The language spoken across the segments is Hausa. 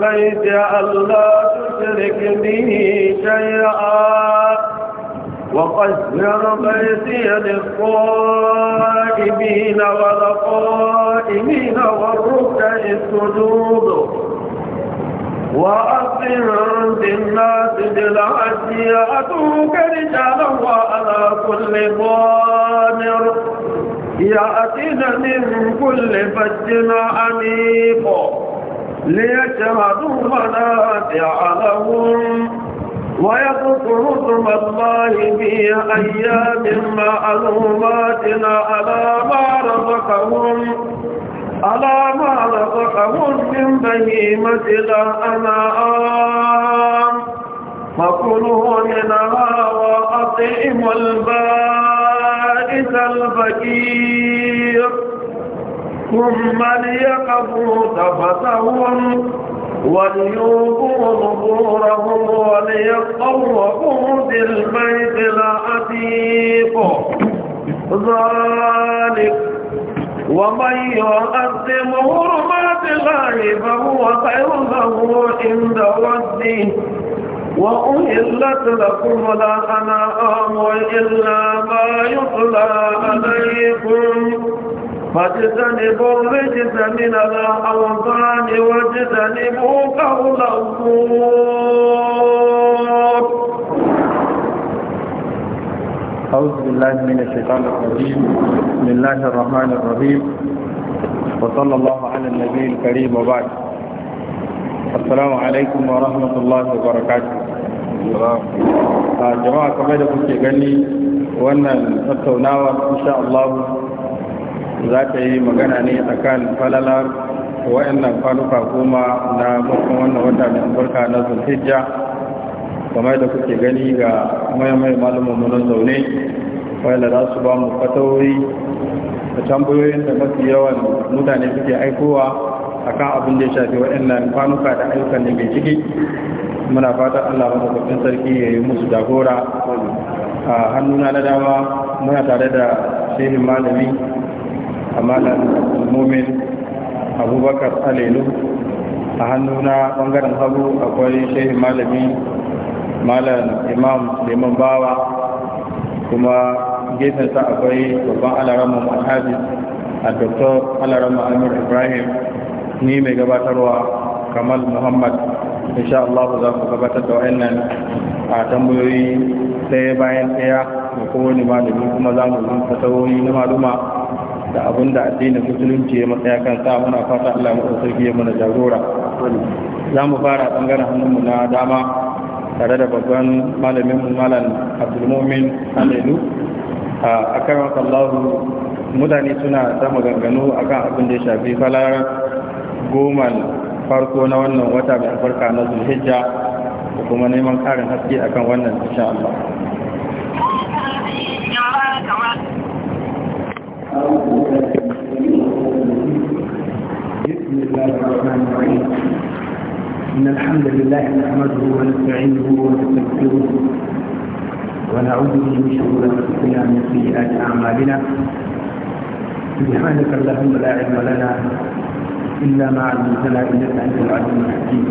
والبيت ألا تشرك به شيئا وقدر بيتي للقائمين والقائمين والركع السجود وأقم بالناس بالعدل يأتوك رجالا وعلى كل ضامر يأتين من كل فج عميق ليشهدوا منافع لهم ويذكروا اسم الله في أيام معلومات على ما رزقهم على ما رزقهم من بهيمة الأنعام فكلوا منها وأطعموا البائس الفقير ثم ليقضوا تفتهم وليوفوا ظهورهم وليطوفوا بالبيت العتيق ذلك ومن يعظم حرمات الله فهو خير له عند ربه وأهلت لكم الأنعام إلا ما يطلى عليكم فاجتنبوا الرجس من الأوطان واجتنبوا قول الزور أعوذ بالله من الشيطان الرجيم بسم الله الرحمن الرحيم وصلى الله على النبي الكريم وبعد السلام عليكم ورحمة الله وبركاته آه، جماعة kamar كنت kuke gani wannan إن شاء الله za ta yi magana ne a kan falalar wa'annan kwanuka goma na farkon wannan wata mai albarka na zulhijja kamar da kuke gani ga mayamai malumin munan zaune wadda za su ba mu fatawoyi da tambayoyin da mafi yawan mutane suke aikowa a kan abin da ya shafi waɗannan kwanuka da ayyukan da ke ciki muna fatan Allah madaukakin sarki ya yi musu jagora a hannuna na dama muna tare da shehin malami amalan mumin abubakar alelu a hannuna bangaren hagu akwai shehi malami malam imam liman bawa kuma gefensa akwai babban alarama alhaji a doktor alarama amir ibrahim ni mai gabatarwa kamal muhammad insha Allah za ku gabatar da nan, a tambayoyi ɗaya bayan ɗaya da kowane malami kuma za mu zan fatawoyi na maluma da abin da addinin musulunci ya matsaya kan sa muna fata Allah mu sarki ya mana jagora za mu fara bangaren hannunmu na dama tare da babban malamin mu malam Abdulmumin Halilu a akan sallahu mutane suna ta maganganu akan abin da ya shafi falar goma farko na wannan wata mai farka na zulhijja da kuma neman karin haske akan wannan insha Allah الرحمن الرحيم إن الحمد لله نحمده ونستعينه ونستغفره ونعوذ به من شرور أنفسنا ومن سيئات أعمالنا سبحانك اللهم لا علم لنا إلا ما علمتنا إنك أنت العليم الحكيم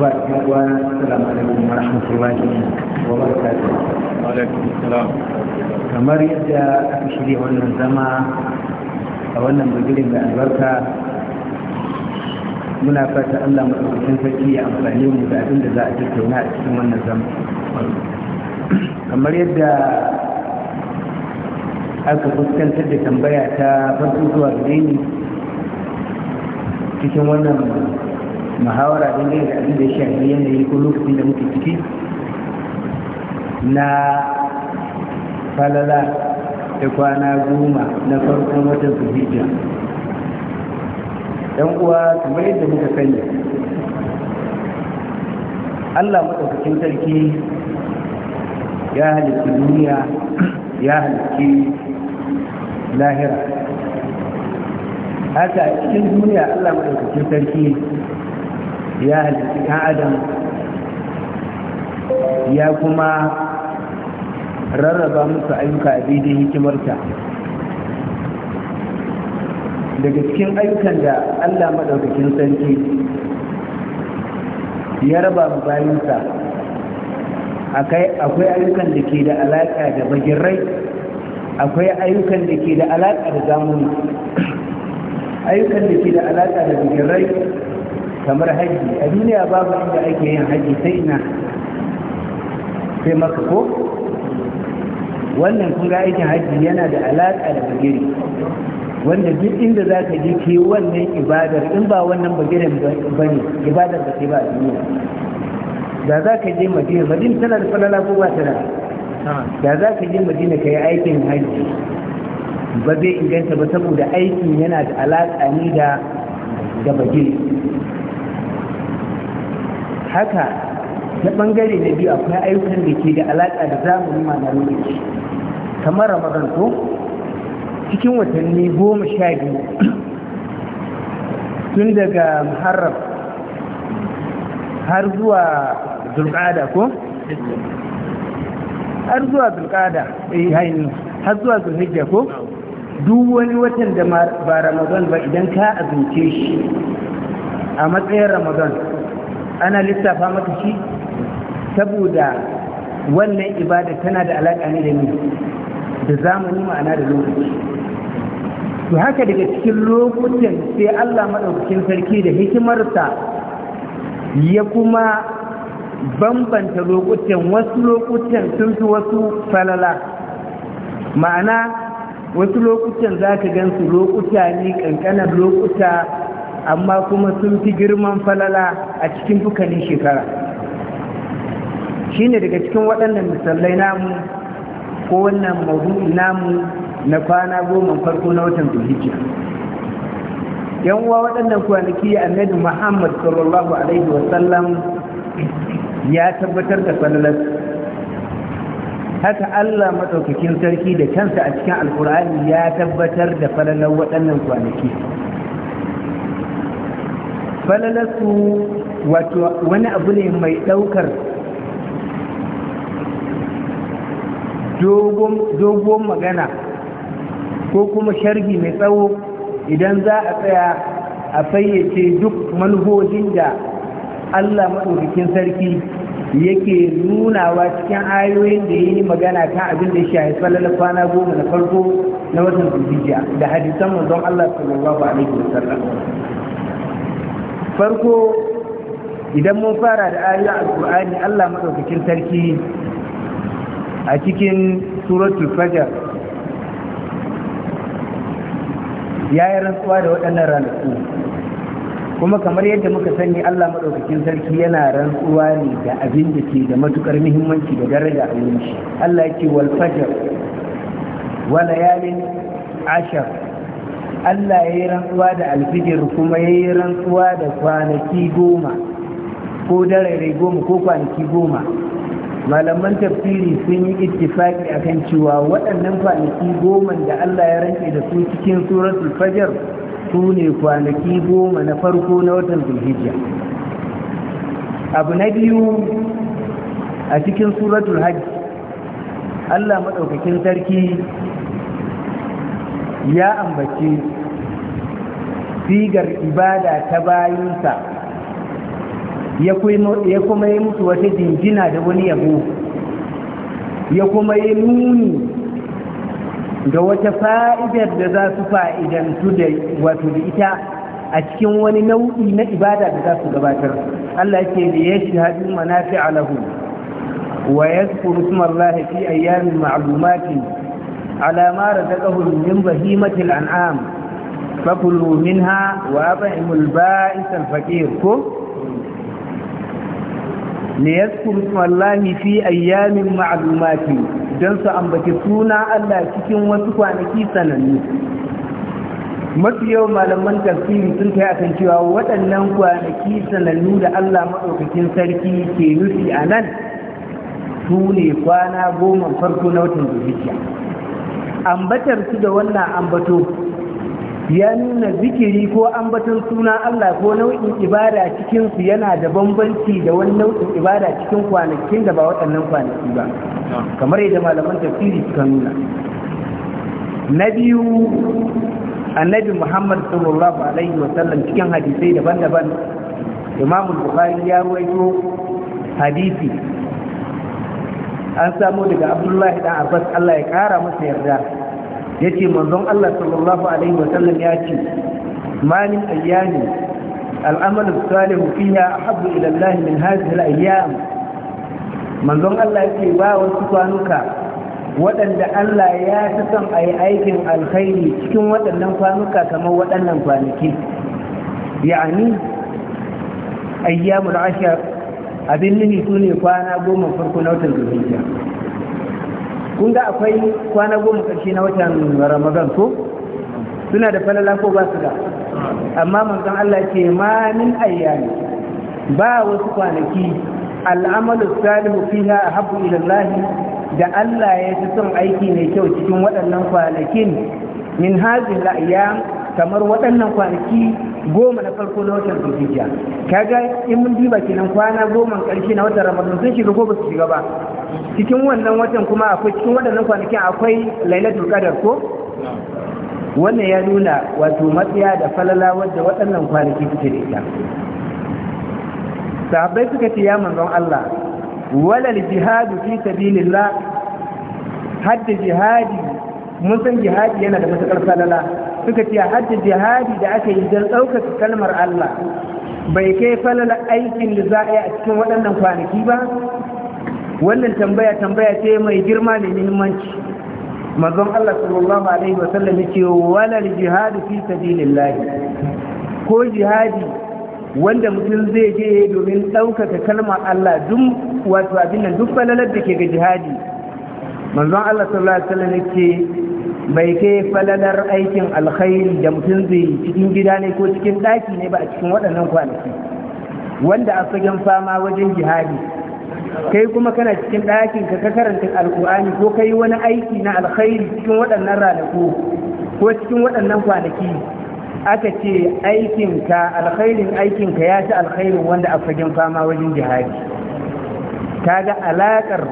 بارك والسلام عليكم ورحمة الله وبركاته وعليكم السلام كما yadda aka shirya wannan a wannan bigirin mai albarka muna fata Allah maɗaukakin sarki ya amfani mu da abin da za a tattauna a cikin wannan zamani. kamar yadda aka fuskantar da tambaya ta farko zuwa gare ni cikin wannan muhawara dangane da abin da ya shafi yanayi ko lokacin da muke ciki na falala da kwana goma na farkon watan zulhijja yan uwa kamar yadda muka sanya Allah maɗaukakin sarki ya halitta duniya ya halitta lahira haka cikin duniya Allah maɗaukakin sarki ya halitta ɗan adam ya kuma rarraba musu ayyuka a daidai hikimarta daga cikin ayyukan da allah maɗaukakin sarki ya raba mu bayansa akwai ayyukan da ke da alaƙa da bagirrai akwai ayyukan da ke da alaƙa da zamuni ayyukan da ke da alaƙa da bagirrai kamar haji a duniya babu inda ake yin haji sai na. sai maka ko wannan kun ga aikin hajji yana da alaƙa da bagire wanda duk inda za ka je ke wannan ibadar in ba wannan bagiren ba ne ibadar ba ke ba a duniya da za ka je madina madina tana da falala ko ba tana da za ka je madina ka yi aikin hajji ba zai inganta ba saboda aikin yana da alaƙa ne da da bagire haka ta ɓangare na biyu akwai ayyukan da ke da alaƙa da zamanin ma na lokaci kamar ramadan to cikin watanni goma sha biyu tun daga muharram har zuwa zulƙada ko? har zuwa zulƙada eh, haini har zuwa zulhijja ko? duk wani watan da ba ramadan ba idan ka azince shi a matsayin ramadan ana lissafa mata shi saboda wannan ibada tana da alaƙa ne da ni da zamani ma'ana da lokaci to haka daga cikin lokutan sai Allah maɗaukakin sarki da hikimarsa ya kuma bambanta lokutan wasu lokutan sun fi wasu falala ma'ana wasu lokutan za ka gansu lokuta ne ƙanƙanar lokuta amma kuma sun fi girman falala a cikin dukkanin shekara shi ne daga cikin waɗannan misalai namu ko wannan maudu'i namu na kwana goma farko na watan zulhijja yan uwa waɗannan kwanaki annabi muhammad sallallahu alaihi wasallam ya tabbatar da falalar haka allah maɗaukakin sarki da kansa a cikin alkur'ani ya tabbatar da falalar waɗannan kwanaki falalarsu wato wani abu ne mai ɗaukar dogon magana ko kuma sharhi mai tsawo idan za a tsaya a fayyace duk manhojin da Allah maɗaukakin sarki yake nunawa cikin ayoyin da yi magana kan abin da shi haifar na kwana goma na farko na watan zulhijja da hadisan manzon Allah sallallahu alaihi Sallam. farko idan mun fara da ayoyin alkur'ani Allah madaukakin sarki a cikin suratul fajar ya yi rantsuwa da waɗannan ranaku kuma kamar yadda muka sani Allah maɗaukakin sarki yana rantsuwa ne da abin da ke da matukar muhimmanci da daraja a wurin shi Allah ce wal Fajar wa layalin ashar Allah ya yi rantsuwa da alfijir kuma ya yi rantsuwa da kwanaki goma ko dare goma ko kwanaki goma malaman tafsiri sun yi ittifaki akan cewa waɗannan kwanaki goma da Allah ya rantse da su cikin suratul fajr su ne kwanaki goma na farko na watan zulhijja abu na biyu a cikin suratul hajj Allah maɗaukakin sarki ya ambaci sigar ibada ta bayinsa ya kuma yi mutu wata jinjina da wani yabo ya kuma yi nuni da wata fa'idar da za su fa'idantu da wato da ita a cikin wani nau'i na ibada da za su gabatar Allah ke da ya shahadu manafi alahu wa ya zukuru sumallahi fi ayyamin ma'lumati alama razaqahum min bahimatil an'am fakulu minha wa at'imul ba'is al-faqir ko ne ya Allahi fi ayyamin ma'alumati don su ambaci suna Allah cikin wasu kwanaki sanannu mafi yau malaman tafsiri sun kai akan cewa waɗannan kwanaki sanannu da Allah maɗaukakin sarki ke nufi a nan su ne kwana goma farko na watan zuciya ambatar su da wannan ambato ya nuna zikiri ko batun suna Allah ko nau'in ibada cikinsu yana da bambanci da wani nau'in ibada cikin kwanakin da ba waɗannan kwanaki ba kamar yadda malaman tafsiri suka nuna na biyu annabi Muhammad sallallahu alaihi wa cikin hadisai daban-daban Imam Bukhari ya ruwaito hadisi an samu daga Abdullahi dan Abbas Allah ya kara masa yarda yace manzon Allah sallallahu alaihi wasallam ya ce ma min ayyami al'amalu salihu fiha a ila Allah min hadhihi ayyam manzon Allah yace ba wasu kwanuka waɗanda Allah ya fi son a yi aikin alkhairi cikin waɗannan kwanuka kamar waɗannan kwanaki ya'ani ayyamul ashar abin nihi su ne kwana goma farko na watan zuciya kun ga akwai kwana goma karshe na watan ramadan ko suna da falala ko ba su da amma manzon Allah ce ma min ayyami ba wasu kwanaki al'amalu salihu fiha ahabbu ila Allah da Allah ya fi son aiki mai kyau cikin waɗannan kwanakin min hadhihi al'ayyam kamar waɗannan kwanaki goma na farko na watan zulhijja kaga in mun diba kenan kwana goma ƙarshe na watan ramadan sun shiga ko ba su shiga ba cikin wannan watan kuma akwai cikin waɗannan kwanakin akwai lailatul qadar ko wannan ya nuna wato matsaya da falala wadda waɗannan kwanaki suke da ita sahabbai suka ce ya manzon Allah walal jihadu fi sabilillah hadda jihadi mun san jihadi yana da matakar falala suka ce hajji jihadi da aka yi don ɗaukaka kalmar Allah bai kai falala aikin da za a yi a cikin waɗannan kwanaki ba wannan tambaya tambaya ce mai girma da muhimmanci mazan Allah sallallahu alaihi wasallam yace walal jihadu fi sabilillah ko jihadi wanda mutum zai je domin ɗaukaka kalmar Allah duk wato abin nan duk falalar da ke ga jihadi manzon Allah sallallahu alaihi wasallam yake bai kai falalar aikin alkhairi da mutum zai cikin gida ne ko cikin daki ne ba a cikin waɗannan kwanaki wanda a fagen fama wajen jihadi kai kuma kana cikin ɗakin ka ka karanta alkur'ani ko kai wani aiki na alkhairi cikin waɗannan ranaku ko cikin waɗannan kwanaki aka ce aikin ka alkhairin aikinka ya ci alkhairin wanda a fagen fama wajen jihadi kaga alaƙar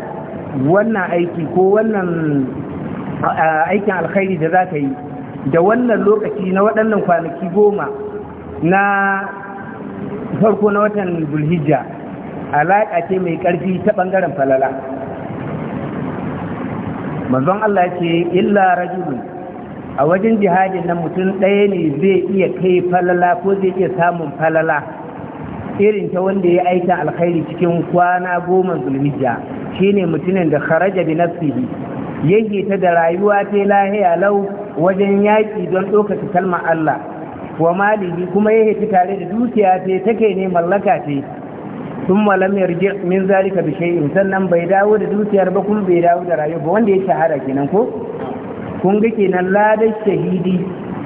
wannan aiki ko wannan aikin alkhairi da za ka yi da wannan lokaci na waɗannan kwanaki goma na farko na watan zulhijja alaƙa ce mai ƙarfi ta ɓangaren falala manzon Allah ce illa rajulun a wajen jihadin nan mutum ɗaya ne zai iya kai falala ko zai iya samun falala irin ta wanda ya aika alkhairi cikin kwana goma zulhijja shine mutumin da kharaja bi nafsihi yayye ta da rayuwa ta lahiya lau wajen yaƙi don ɗaukaka kalmar Allah wa malihi kuma yake ta tare da dukiya ta take ne mallaka ce sun malam min zalika bi shay'in sannan bai dawo da dukiyar ba kuma bai dawo da rayuwa ba wanda ya shahara kenan ko kun ga kenan ladar shahidi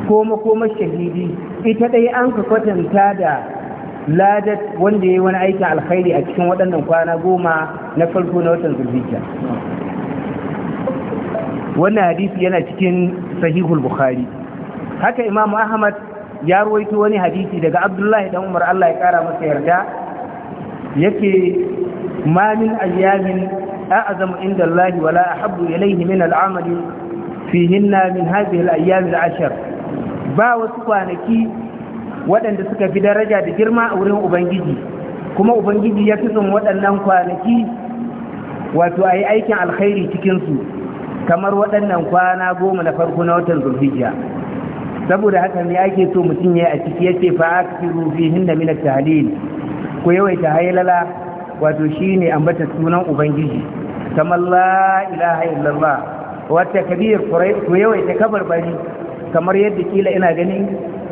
ko makoma shahidi ita dai an ka kwatanta da ladat wanda ya yi wani aikin alkhairi a cikin waɗannan kwana goma na farko na watan zulhijja wannan hadisi yana cikin sahihul bukhari haka imamu ahmad ya ruwaito wani hadisi daga abdullahi dan umar allah ya kara masa yarda yake ma min ayyamin a'azamu inda allah wala ahabbu ilayhi min al'amali fihinna min hadhihi al-ayyam al-ashr ba wasu kwanaki waɗanda suka fi daraja da girma a wurin ubangiji kuma ubangiji ya fi son waɗannan kwanaki wato ayi aikin alkhairi cikin su kamar waɗannan kwana goma na farko na watan zulhijja saboda haka ne ake so mutum ya a ciki yake fa aktiru fihin da min tahlil ku yawaita haylala wato shine ambata sunan ubangiji kamar la ilaha illallah wata kabir ku yawaita kabar bari kamar yadda kila ina ganin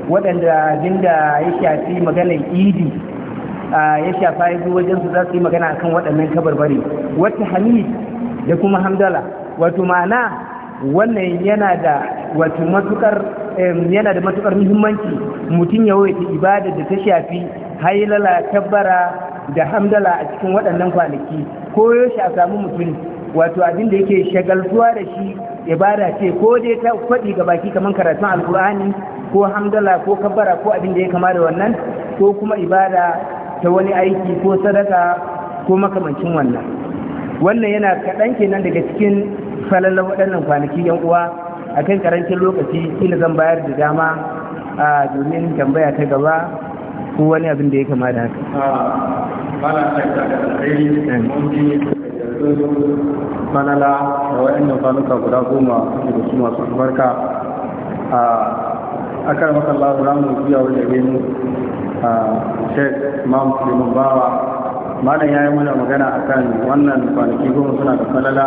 waɗanda jinda ya shafi maganar idi ya shafa ya wajen su za su yi magana akan waɗannan kabarbari wata hamid da kuma hamdala wato ma'ana wannan yana da wato matukar yana da matukar muhimmanci mutum ya waita ibada da ta shafi hailala tabbara da hamdala a cikin waɗannan kwanaki ko yaushe a samu mutum wato abin da yake shagaltuwa da shi ibada ce ko dai ta faɗi ga baki kamar karatun alkur'ani ko hamdala ko kabbara ko abin da ya kama da wannan ko kuma ibada ta wani aiki ko sadaka ko makamancin wannan wannan yana kaɗan kenan daga cikin falalar waɗannan kwanaki yan uwa a kan karancin lokaci kila zan bayar da dama a domin tambaya ta gaba ko wani abin da ya kama da haka mm. falala da waɗannan kwanuka guda goma da su masu albarka a akar makallah guda mu biya wajen abin a shek mam liman bawa malam ya yi mana magana akan wannan kwanaki goma suna da falala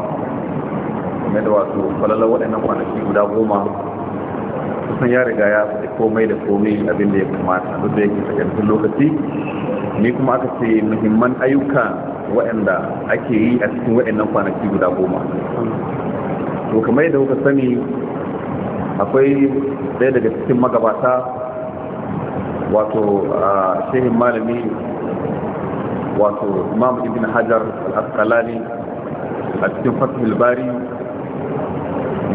game da wato falalar waɗannan kwanaki guda goma kusan ya riga ya fi komai da komai abin da ya kamata duk da yake takaitattun lokaci ni kuma aka ce muhimman ayyuka waɗanda ake yi a cikin waɗannan kwanaki guda goma to kamar yadda kuka sani akwai ɗaya daga cikin magabata wato a shehin malami wato imam ibn hajar al-asqalani a cikin fatihul bari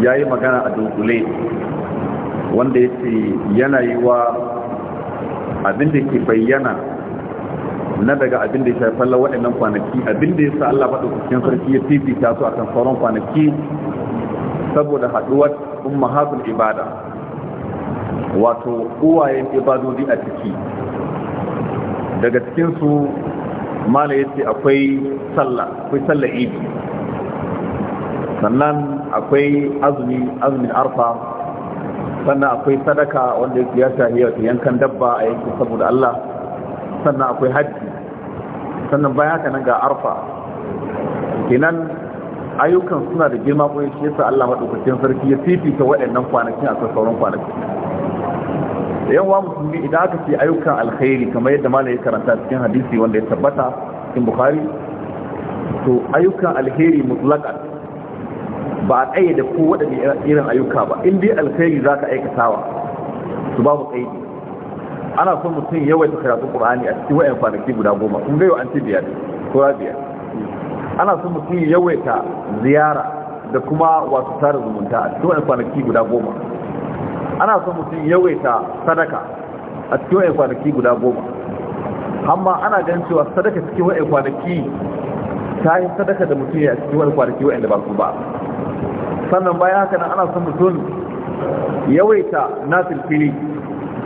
ya yi magana a dunkule wanda ya ce yanayi wa abinda ke bayyana na daga abinda ya shafi falla waɗannan kwanaki abinda ya sa Allah faɗo cikin sarki ya ta su kan sauran kwanaki saboda haɗuwar ummahatul ibada wato uwayen ibadodi a ciki daga cikinsu mala ya ce akwai sallah akwai sallah ibi. sannan akwai azumi azumin arfa sannan akwai sadaka wanda yake ya shahi wata yankan dabba a yanki saboda Allah sannan akwai hajji sannan bayan haka nan ga arfa kenan ayyukan suna da girma ko shi yasa Allah madaukakin sarki ya fifita waɗannan kwanakin a sauran kwanaki yan wa musulmi idan aka ce ayyukan alkhairi kamar yadda malai ya karanta cikin hadisi wanda ya tabbata cikin bukhari to ayyukan alheri mutlaqan ba a tsaye da ko waɗanda irin ayyuka ba in dai alkhairi za ka aikatawa su babu tsaye ana son mutum ta karatu ƙur'ani a cikin wayan kwanaki guda goma kun gaiwa an ce biyar ko biyar ana son mutum ta ziyara da kuma wasu tara zumunta a cikin wayan kwanaki guda goma ana son mutum ta sadaka a cikin wayan kwanaki guda goma amma ana ganin cewa sadaka cikin wayan kwanaki ta yi sadaka da mutum ya cikin wayan kwanaki wayan da ba su ba sannan bayan haka nan ana son mutum yawaita nafil fili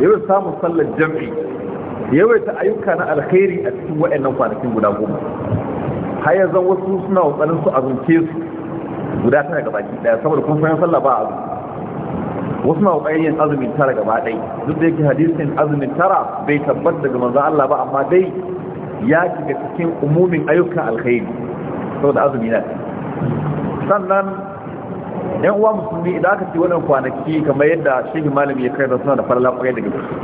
yawaita samun sallar jam'i yawaita ayyuka na alkhairi a cikin wa'annan kwanakin guda goma har yanzu wasu suna kokarin su azumce su guda tara gaba ki daya saboda kun san sallah ba azumi wasu na kokarin yin azumin tara gaba dai duk da yake hadisin azumin tara bai tabbat daga manzon Allah ba amma dai ya shiga cikin umumin ayyukan alkhairi saboda azumi na sannan yan uwa musulmi idan aka ce wannan kwanaki kamar yadda shehi malami ya kai da suna da farla kwaye daga gaske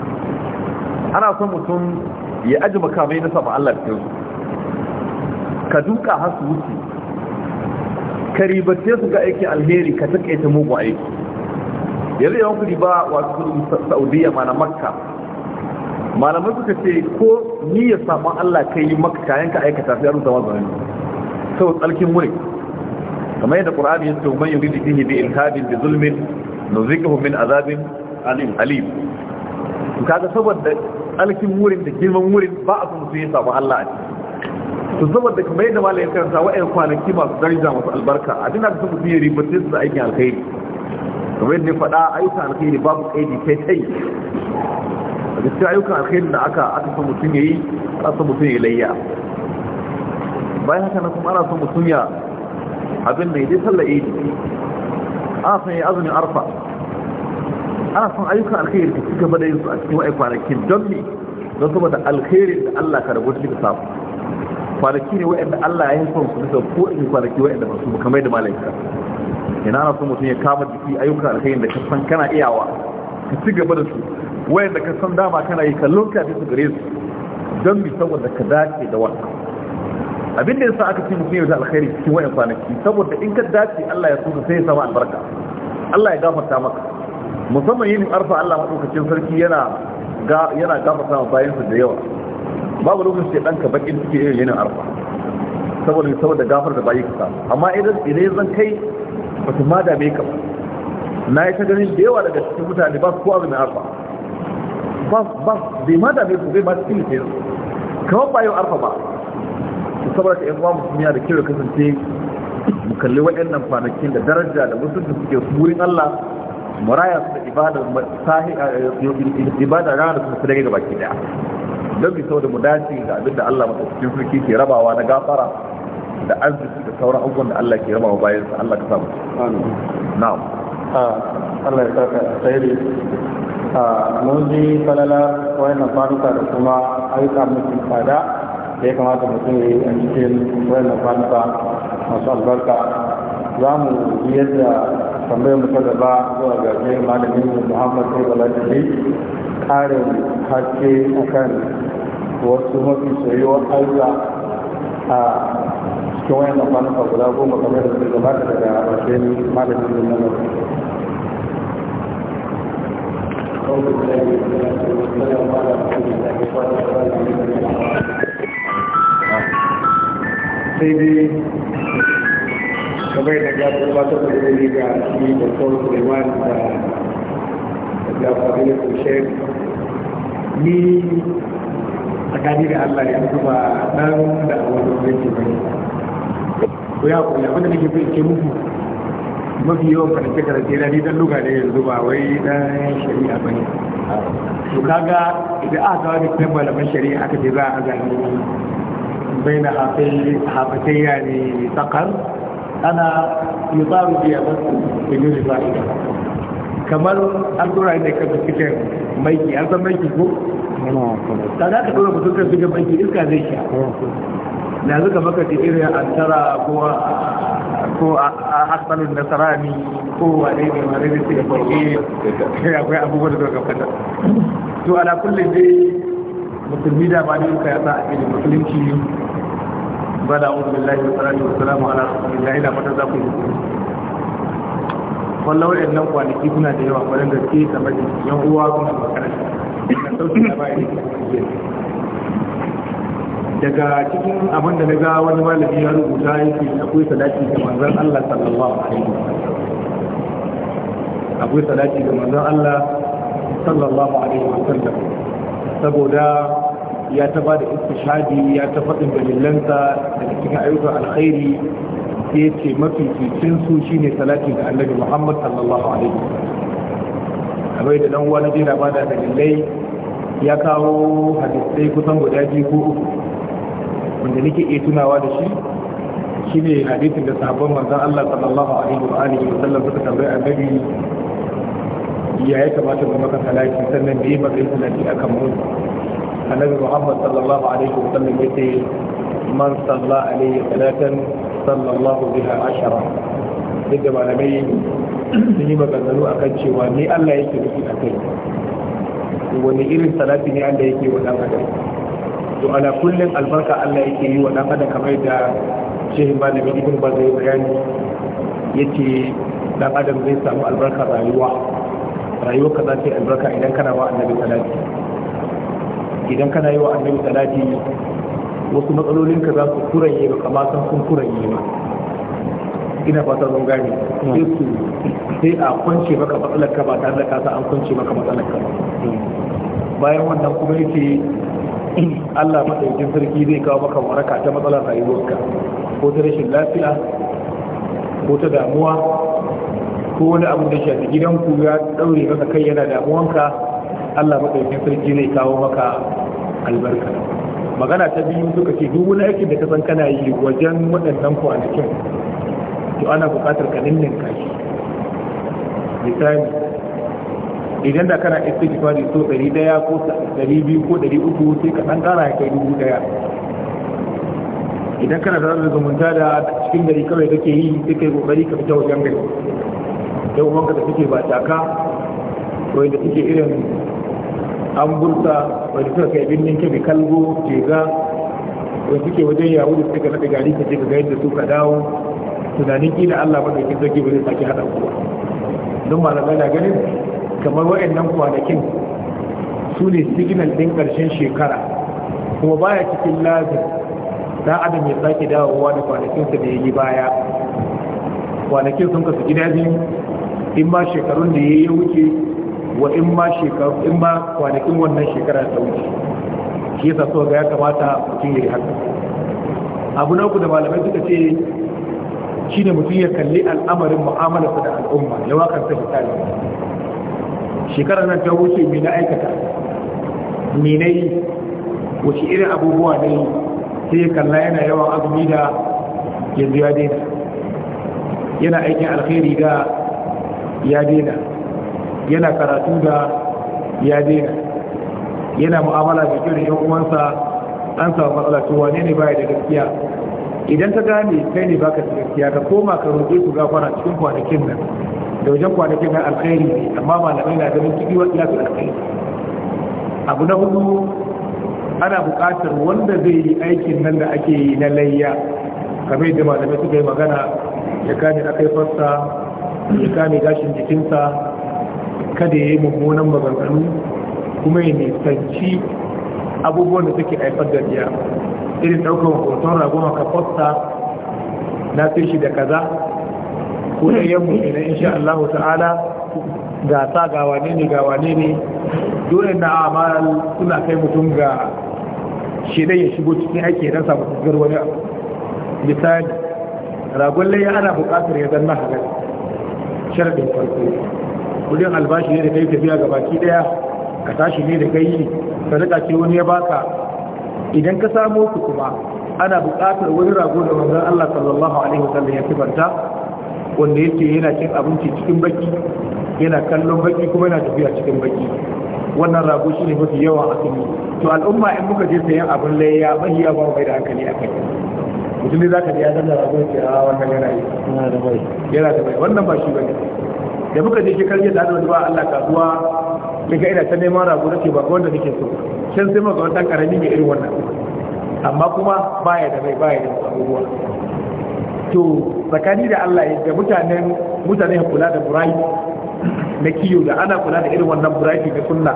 ana son mutum ya aji makamai na sama Allah su. ka duka har su wuce ka ribace su ga aikin alheri ka ta mugu aiki yanzu yawan kudi ba wasu kudi saudiya mana makka malamai suka ce ko ni ya saman Allah kai yi maka kayan ka aikata sai an rusa mazauni sau tsarkin wurin kamar yadda qur'ani ya yake man yuridu bihi bi ilhadin bi zulmin nuziquhu min azabin alim alim kaga saboda alkin wurin da girman wurin ba a san su yi sabon Allah a to saboda kamar yadda malamin karanta wa'ayin kwanaki masu daraja masu albarka a dina da saboda yi ribatin su aiki alkhairi kamar yadda ya faɗa ayyukan alkhairi babu kaidi kai kai a gaskiya ayyukan alkhairi da aka aka san mutum yayi aka san mutum ya layya bayan haka na kuma ana son mutum ya abin da ya je sallar idi ana son ya azumin arfa ana son ayyukan alkhairi da ci bada da yin su a cikin wa'ai kwanakin don ne don saboda alkhairin da Allah ka rabu shi ka samu kwanaki ne wa'anda Allah ya yi son su bisa ko in kwanaki wa'anda masu su ba kamar da malaika ina ana son mutum ya kama jiki ayyukan alkhairin da ka san kana iyawa ka ci gaba da su wa'anda ka san dama kana yi kallon ka su gare su don mi saboda ka dace da wannan abin da yasa aka ce mutum yau da alkhairi cikin wayan kwanaki saboda in ka dace Allah ya kusa sai ya samu albarka Allah ya gafarta maka musamman yin arfa Allah madaukakin sarki yana yana gafarta ma bayansa da yawa babu lokacin da danka bakin cikin irin yin arfa saboda saboda gafar da bayi ka samu amma idan idan zan kai ba su ma dame ka na yi ta ganin da yawa daga cikin mutane ba su ko zai arfa ba ba bai ma dame su bai ma cikin ne kawai bayan arfa ba su saboda yan uwa musulmi da kyau kasance mu kalli waɗannan kwanakin da daraja da mutunta suke su wurin Allah mu raya su da ibada sahi ibada rana da kuma sadaka ga baki daya don bi saboda mu dace da abin da Allah cikin sarki ke rabawa na gafara da arziki da sauran abubuwan da Allah ke rabawa bayan sa Allah ka samu amin na'am Allah ya saka alheri a mun ji falala wayannan faruka da kuma ayyuka mutum fada da ya kamata mutum ya yi a cikin wannan kwanuka masu albarka za mu yi yadda tambayar mu ta gaba zuwa ga malamin muhammad turgala da ne karin hake a kan wasu mafi soyuwar aiza a cikin wayan kwanuka guda goma kamar da suka gabata daga rashin malamin muhammad Thank you. sai dai kamar da da wata yi ga shi da kawai suleiman da gabatar da kushen ni tsakani da allah ya zuba nan da wani wani bane ko ya kula wanda nake fi ke muku mafi yawan karfe karfe na ni dan luga ne yanzu ba wai dan shari'a bane to kaga idan aka kawo da malaman shari'a aka ce za a azami بين حافتي يعني ثقل انا يطار بي بس بدون فائدة kamar an dora ne ميكي cikin maiki an san maiki ko ta za ka mutum kan cikin banki iska zai sha da zuka maka cikin antara ko ko a asalin nasarani ko wane ne wane ne suka farge ya akwai abubuwan da fata to ala kullum musulmi da ba ne suka yasa a cikin musulunci ba da billahi wa salatu wa salamu ala rasulillahi da za ku yi kwanaki da yawa wajen gaske kamar yan uwa da sauki da daga cikin abin da na ga wani malami ya rubuta yake akwai salati ga akwai salati ga manzon Allah sallallahu alaihi wasallam saboda ya ta ba da istishadi ya ta faɗin dalilansa daga cikin ayyukan alkhairi sai ya ce mafi cikin su shine salati ga annabi muhammad sallallahu alaihi Abai da dan uwa na jira ba da dalilai ya kawo hadisai kusan guda biyu ko uku wanda nake iya tunawa da shi shine hadisin da sahabban manzon Allah sallallahu alaihi wa alihi wa sallam suka tambayi annabi ya ya kamata mu maka salati sannan da yi maka salati akan mu annabi muhammad sallallahu alaihi wa sallam yace man salla alaihi salatan sallallahu biha ashara duk da malamai sun yi maganganu kan cewa ni Allah yake nufi a kai wani irin salati ne Allah yake wa dan adam to ala kullin albarka Allah yake yi wa dan adam kamar da shehu malami ibn bazai bayani yace dan adam zai samu albarka rayuwa rayuwa ka za ta yi albarka idan kana wa annabi salati idan kana yi wa annabi salati wasu matsalolinka za su kuraye ba kama san sun kuraye ba ina fata zan gane sai su sai a kwance maka matsalar ka ba tare da ka an kwance maka matsalar ka bayan wannan kuma yake Allah madaukakin sarki zai kawo maka waraka ta matsalar rayuwarka ko ta rashin lafiya ko ta damuwa ko wani abu da shafi gidanku ya daure maka kai yana damuwanka Allah madaukakin sarki ne kawo maka albarka magana ta biyu suka ce duk wani aikin da ka san kana yi wajen waɗannan cikin to ana buƙatar ka ninninka shi misali idan da kana istighfari so 100 ko 200 ko 300 sai ka san kana ya kai 1000 idan kana da zumunta da cikin gari kawai kake yi sai kai kokari ka fita wajen gari yau wanka da suke ba taka ko inda suke irin an bursa wani suka kai birnin kebe kalgo jega wani suke wajen yawo da suka naɗa gari ka ce ka ga yadda suka dawo tunanin kila allah ba da kin zage ba zai sake haɗa kuwa don malamai da ganin kamar wa'annan kwanakin su ne signal ɗin ƙarshen shekara kuma baya cikin lazim da adam ya sake dawowa da kwanakinsa da ya yi baya kwanakin sun kasu gidajen in ma shekarun da ya yi wuce wa in ma kwanakin wannan shekara ta wuce shi yasa so ga ya kamata mutum ya yi haka abu na uku da malamai suka ce shi ne mutum ya kalli al'amarin muamalar da al'umma ya wakar sa misali shekarar nan ta wuce me na aikata me na yi wace irin abubuwa ne sai ya kalla yana yawan azumi da yanzu ya daina yana aikin alkhairi da ya daina yana karatu da ya daina yana mu'amala da kyau da yan uwansa an samu matsala to wane ne baya da gaskiya idan ta gane kai ne baka da gaskiya ka koma ka roƙe su gafara cikin kwanakin nan da wajen kwanakin nan alkhairi ne amma malamai na ganin kiɗi wa su alkhairi abu na hudu ana buƙatar wanda zai yi aikin nan da ake yi na layya kamar yadda malamai suka yi magana ya kame akai fassa ya kame gashin jikinsa kada ya yi mummunan maganganu kuma ya nisanci abubuwan da suke haifar da biya irin ɗaukar hoton ragon maka fosta na da kaza ko da yamma idan insha Allah ta'ala ga sa ga wane ne ga wane ne dole na amal suna kai mutum ga shedai ya shigo cikin ake rasa mutum wani misali ragon ya ana bukatar ya zanna halal sharadin farko kudin albashi ne da kai tafiya ga baki daya ka tashi ne da kai ka sadaka ce wani ya baka idan ka samo su kuma ana buƙatar wani rago da manzon Allah sallallahu alaihi wasallam ya sifanta wanda yake yana cin abinci cikin baki yana kallon baki kuma yana tafiya cikin baki wannan rago shine mafi yawa a cikin to al'umma in muka je sayan abin layya bai ya ba mai da hankali a kai mutum ne zaka ji ya danna rago ce a ah, wannan yana yi yana da bai wannan ba shi bane da muka je shekar yadda tare da ba Allah kasuwa kin ga ina ta neman rago nake ba wanda nake so can sai maka wata karami mai irin wannan amma kuma baya da mai baya da abubuwa to tsakani da Allah da mutanen mutanen kula da burai na kiyo da ana kula da irin wannan burai da sunna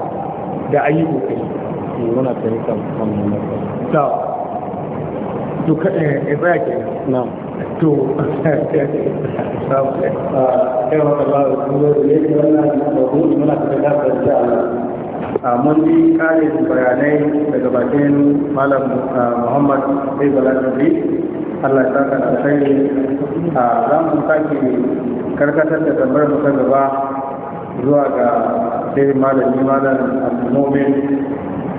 da ayi kokari eh, muna tare kan wannan to ka eh, eh tsaya kenan na'am to a mun yi kare bayanai daga bakin malam muhammad sai balatabi allah ta kan da a za mu sake karkatar da tambayar mu ta gaba zuwa ga sai malami malam abdulmumin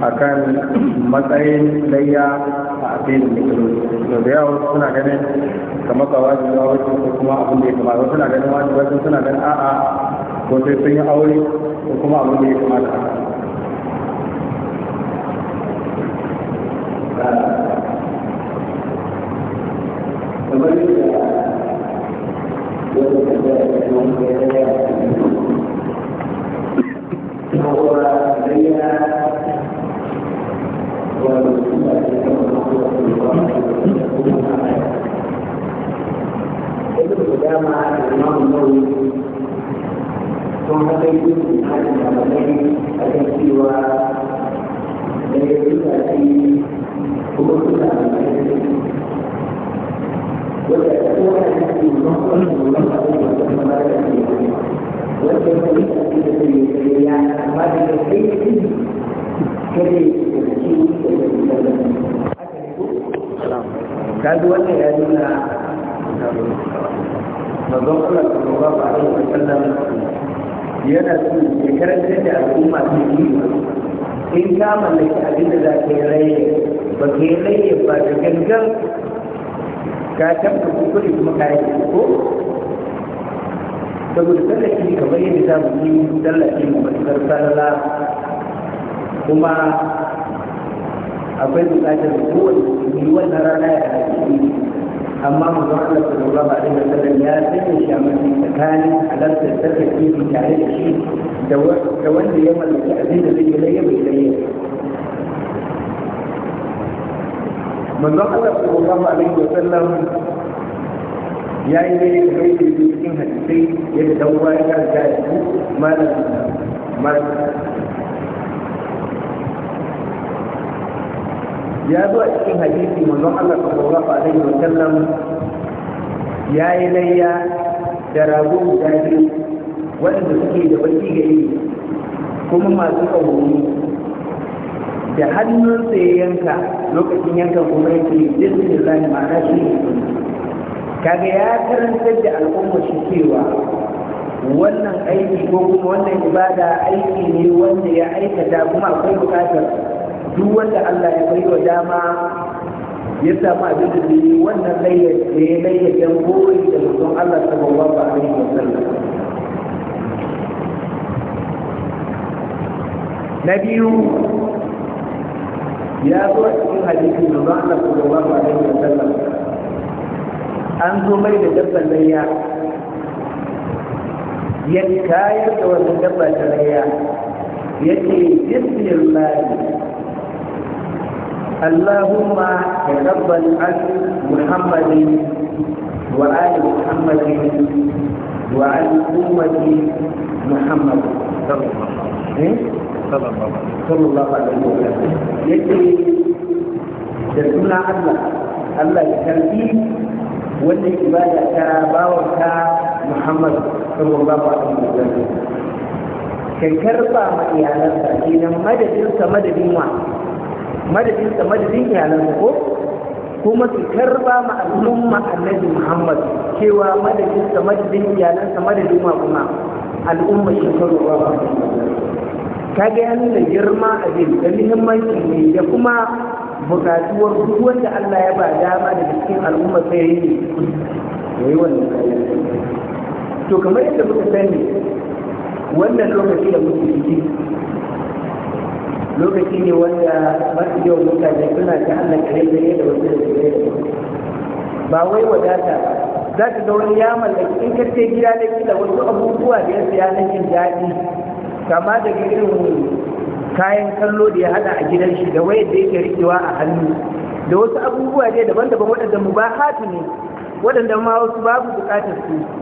akan matsayin daya a itu. Dia da yawa suna ganin kamar kawai da yawa wajen ko kuma abin da ya kamata suna ganin wani wajen suna ganin a'a ko sai sun yi dia ko kuma abin da ya ابن جامع الإمام النووي ثم بيت من هذه العملين التي هو لا يجوز في حدود العملين وتكون هذه النقطة المنطقة المتمرة فيها وتكون هذه التي هي ما تكفيه kaji wannan ya nuna mazan da kuma ba ba a yi sallan yana su ya karanta da al'umma su yi in ka mallaki abin da za ka yi raye ba ka yi raye ba da gangan ka tabba kuskure kuma ka yi ko saboda tallafi kamar yadda za mu yi tallafi mu matuƙar sallah kuma akwai bukatar kowane musulmi wannan rana ya haɗe amma manzon Allah sallallahu alaihi wa sallam ya sanya shi a matsayin tsakanin halartar saka kifi tare da shi da wanda ya mallaki abin da zai laye bai laye manzon Allah sallallahu alaihi wa sallam ya yi ne da kai da cikin hadisai yadda dawowa ya ga da malam ya zo a cikin hadisi manzon Allah sallallahu alaihi wa sallam ya yi layya da rago guda biyu wanda suke da baki ga yi kuma masu ƙauni da hannunsa ya yanka lokacin yankan kuma yake bismillah ma'ana shi ne kaga ya karantar da al'umma shi cewa wannan aiki ko kuma wannan ibada aiki ne wanda ya aikata kuma akwai bukatar duk wanda Allah ya bai wa dama ya samu abin da zai yi wannan layyar da ya layyar dan goyi da mutum Allah sallallahu alaihi wa sallam na biyu ya zo a cikin hadisi da ba Allah sallallahu alaihi wa sallam an zo mai da dabban layya ya kayar da wannan dabba ta layya ya ce bismillah اللهم تقبل عن محمد وآل محمد وعن أمة محمد صلى الله عليه وسلم صلى الله عليه وسلم يجري تسمى الله الله يكفي wannan ibada ta bawanka Muhammad sallallahu alaihi wasallam ka karba ma iyalanka kenan madadin sa madadin wa madadin sa madadin iyalansa ko kuma su karba ma al'umma annabi Muhammad cewa madadin sa madadin sa madadin ma kuma al'umma shi shekaru ba ba ga yana da girma abin da muhimmanci ne da kuma bukatuwar duk wanda Allah ya ba dama da cikin al'umma sai yi yayi wannan to kamar yadda muka sani wannan lokaci da muke ciki lokaci ne wanda mafi yawan mutane suna ta Allah kare da da wasu da kare ba wai wadata za ka ga wani ya mallaki in ka ce gida na kila wasu abubuwa da ya siya na jin daɗi kama daga irin kayan kallo da ya hada a gidan shi da wayar da yake rikewa a hannu da wasu abubuwa dai daban-daban waɗanda mu ba hatu ne waɗanda ma wasu babu bukatar su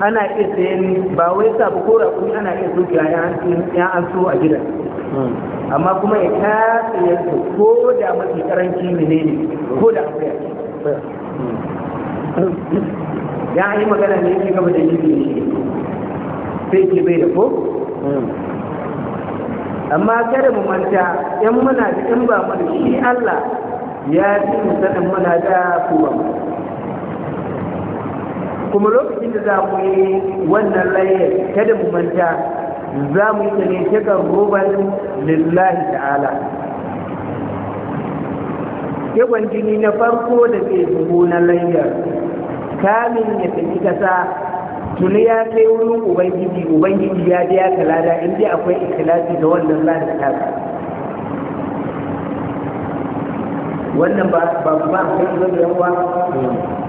ana iya sayan ba wai sabu ko raƙumi ana iya zuciya ya an so a gidan amma kuma ya kasa yanzu ko da mafi karanci ne ne ko da akwai ya yi magana ne yake gaba da shi ne sai ke bai da ko amma kada mu manta yan muna da yan ba mu shi Allah ya fi mu sanin muna da kuma mu kuma lokacin da za mu yi wannan layar kada mu manta za mu yi tane shekar roban lillahi ta'ala yawan jini na farko da ke zubo na layar kamin ya tafi kasa tuni ya kai wurin ubangiji ubangiji ya biya kalada in dai akwai ikilasi da wannan layar ta wannan ba ba ba ba ba ba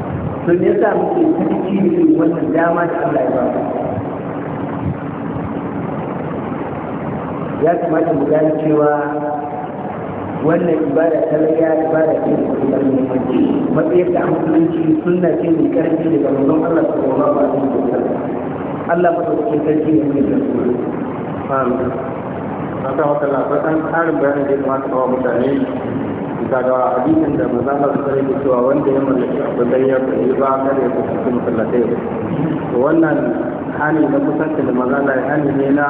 to me yasa muke sarki ne wannan dama da Allah ya ba ya kamata mu gane cewa wannan ibada ta rayya ibada ce da kuma muhimmanci matsayar da musulunci sunna ce mai karfi daga manzon Allah sallallahu alaihi wasallam Allah ba ta sarki ne mai karfi amin akan wata labaran ƙarin bayanin da ya kamata kawo mutane kaga hadisin da maza na su sarki cewa wanda ya mallaki abu ya yi ba kada ya kusanci masallatai to wannan hani na kusanci da maza na hani ne na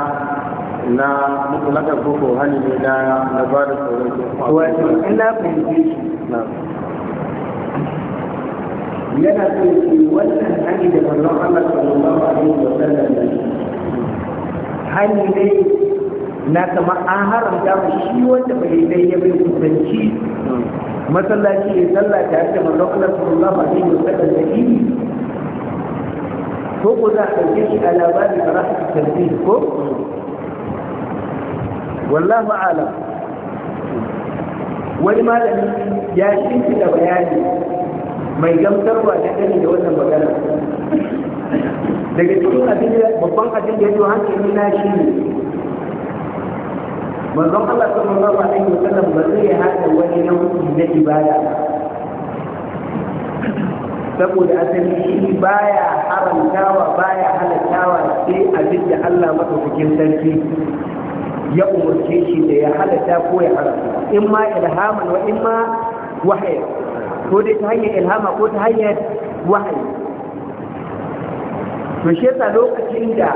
na mutulaka koko hani ne na na ba da tsoron kuma wato ina fahimci yana so wannan hani da manzon Allah sallallahu alaihi wa sallam hani ne na kama an haramta mu shi wanda bai dai ya bai kusanci masallaci ya sallah ta ce manzo Allah sallallahu alaihi wasallam da shi ko ko za ka ji shi alabari ba za ka tarbi ko wallahu a'lam wani malami ya shinki da bayani mai gamsarwa da gani da wannan magana daga cikin abin da babban abin da ya zo hankali na shi ne manzon Allah sallallahu alaihi sallam ba zai haɗa wani nau'i na ibada saboda asali shi baya haramtawa baya halaltawa sai a da Allah madaukakin sarki ya umarce shi da ya halatta ko ya haramta in ma ilhaman wa in ma wahayi ko dai ta hanyar ilhama ko ta hanyar wahayi to shi yasa lokacin da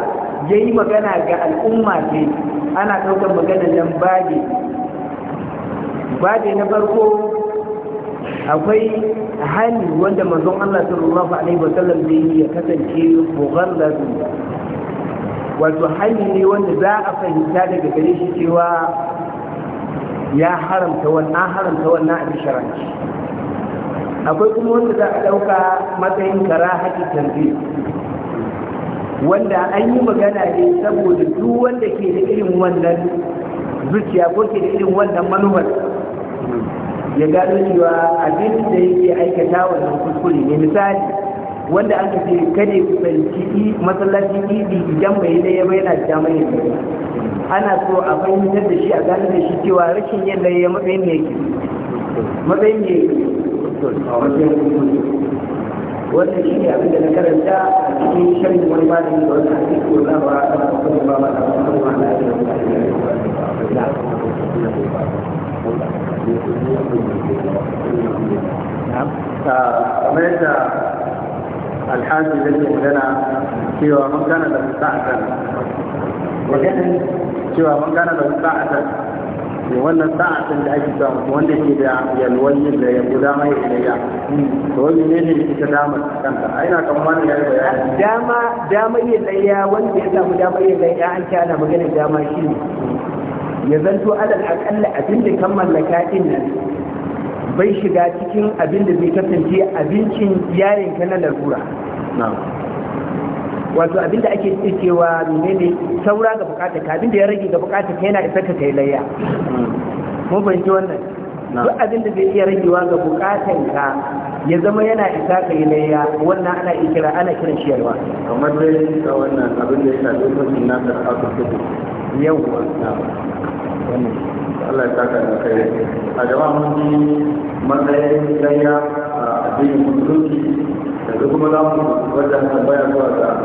ya yi magana ga al'umma ne ana ɗaukar magana nan babe babe na farko akwai hali wanda manzon Allah sallallahu alaihi wa zai yi ya kasance mughallaz wato hali ne wanda za a fahimta daga gare shi cewa ya haramta wannan haramta wannan abin akwai kuma wanda za a ɗauka matsayin kara haƙi tanzir wanda an yi magana ne saboda duk wanda ke da irin wannan zuciya ko ke da irin wannan manuwar ya gano cewa abin da yake aikata wannan kuskure ne misali wanda aka ce kada ku tsanci masallaci idi idan bai da ya bayyana da mai ana so a fahimtar da shi a gano da shi cewa rashin yin da ya matsayin ne yake matsayin ne yake wannan shi ne abin da na karanta a cikin shirin wani malami da wani hadisi ko na ba a kan kuma ba ba da kuma ba na da kamar yadda alhaji da ke magana cewa mun gana da musa'atan cewa mun gana da musa'atan to wannan sa'a sun da ake samu wanda ke da yalwayi da ya guda mai ya to wani ne ne ita dama kanta a ai kan wani ya yi dama dama yin tsaya wanda ya samu dama yin layya an ce ana magana dama shi ne ya zanto alal akalla abin da kan mallaka din nan bai shiga cikin abin da zai kasance abincin yayin kana na na'am wato abinda ake cewa menene saura ga bukatar ka abinda ya rage ga bukatar ka yana isa ka kai layya mun fahimci wannan duk abinda zai iya ragewa ga bukatar ka ya zama yana isa ka yi layya wannan ana kira ana kiran shi yalwa kamar dai ga wannan abin da ya shafi mutum na da aka fito yawwa Allah ya saka da kai a jama'a mun ji matsayin layya a addinin musulunci yanzu kuma za mu wajen tambaya zuwa ga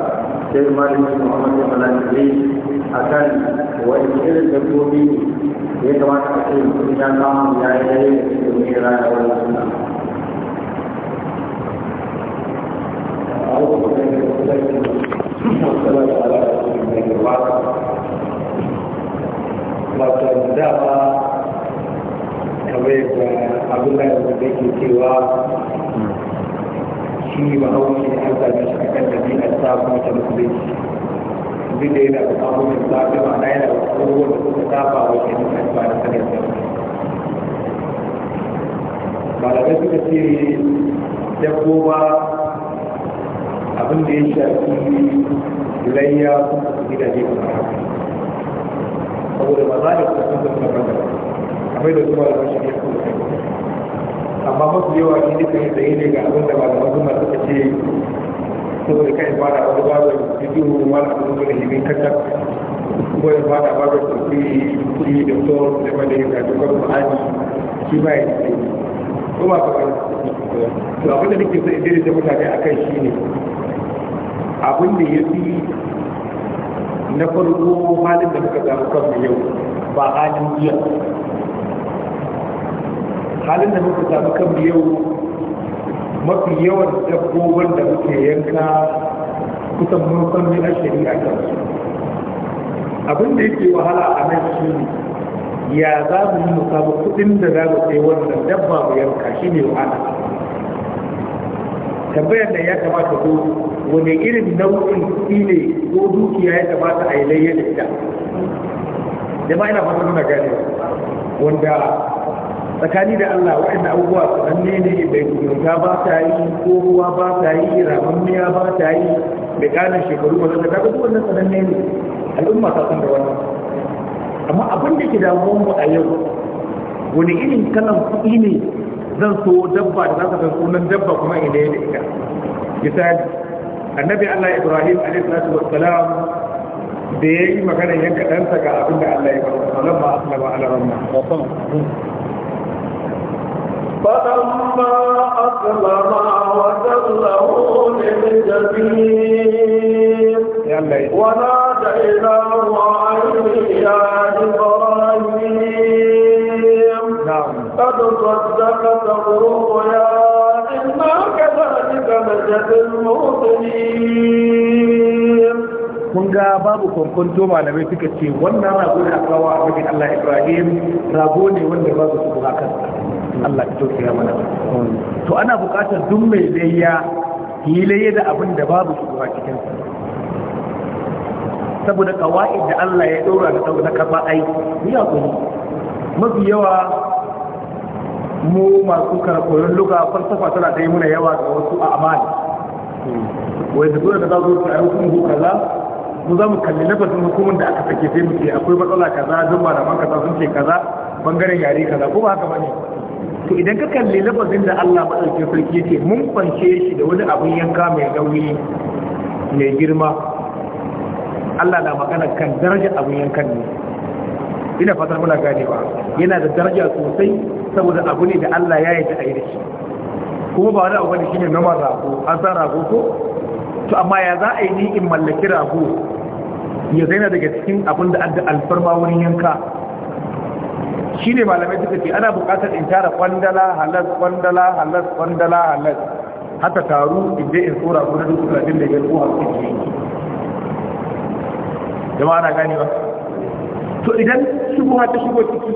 sai malami muhammadu malami a kan wani irin dabbobi ne ya kamata a ce mutum ya samu ya yi yayi domin ya raya wani suna wato dama kamar yadda abin da yake cewa shi ba haushi da aka zai shi kan da biyu ta ta musulunci duk da yana da abubuwan da ta ma yana da abubuwan da suka saba wa shi da ba da Ba da malamai ka ce kowa abin da ya shafi layya gidaje kamar haka saboda ba za da kusa sun zama akwai da zuwa da mashi ne kuma amma mafi yawa ne duka yi tsaye ne ga abin da malaman zuma suka ce saboda kai fara wani babin bidiyo wani abin da himin kakar ko ya fara babin tafi kuri da sauran da wanda ya zaɓi wani ma'ani shi ba ya tsaye ko ba ka wani to abin da nake so in daidaita mutane a kai shi ne abin da ya fi na farko halin da muka samu kanmu yau ba halin jiya halin da muka samu kan yau mafi yawan dabbobin da muke yanka kusan mun san mina shari'a kan su abin da yake wahala a nan shi ne ya za mu yi musamman kuɗin da za mu sai wannan dabba mu yanka shi ne wahala tambayar da ya kamata ko wani irin nau'in kuɗi ne ko dukiya ya kamata a yi layya da ita da ba ina fata muna gane wanda tsakani da Allah waɗanda abubuwa tsananne ne bai kusurta ba ta yi tsohuwa ba ta yi ramammiya ba ta yi da ƙarin shekaru ba ta kaga wannan tsananne ne al'umma ta san da wannan amma abin da ke damuwar mu a yau wani irin kalan kuɗi ne zan so dabba da za ka san sunan dabba kuma ina ya da ita misali annabi Allah Ibrahim alaihi salatu wassalam da yayi magana yanka ɗansa ga abin da Allah ya ba sallallahu alaihi wa sallam فلما أسلم وتله للجبين وناديناه أن يا إبراهيم قد صدقت الرؤيا إنا كذلك kun ga babu kwankwanto malamai suka ce wannan rago da a wa Allah Ibrahim rago ne wanda babu su kansa Allah ka ya mana to ana buƙatar duk mai layya yi layya da abin da babu ba cikin saboda kawai da Allah ya ɗora da saboda kafa aiki ni ya kuma mafi yawa mu masu karakoyin luga falsafa tana ta muna yawa ga wasu a amali wai da dole da za su tsari hukumu kaza mu za mu kalli lafazin hukumin da aka sake sai mu ce akwai matsala kaza da man kaza sun ce kaza bangaren yare kaza ko ba haka bane to idan ka kalli lafazin da Allah madauke sarki yake mun kwance shi da wani abun yanka mai nauyi mai girma Allah na magana kan daraja abun yankan ne ina fatar muna ganewa yana da daraja sosai saboda abu ne da Allah ya yi da da shi kuma ba wani abu ne shine noma rago an san rago ko to amma ya za a yi ni in mallaki rago ya zaina daga cikin abin da adda alfarma wurin yanka shi ne malamai suka ce ana buƙatar in tara kwandala halas kwandala halas kwandala halas haka taru in je in tsora ko na duk talatin da ko a cikin jama'a na gani ba to idan ha ta shigo ciki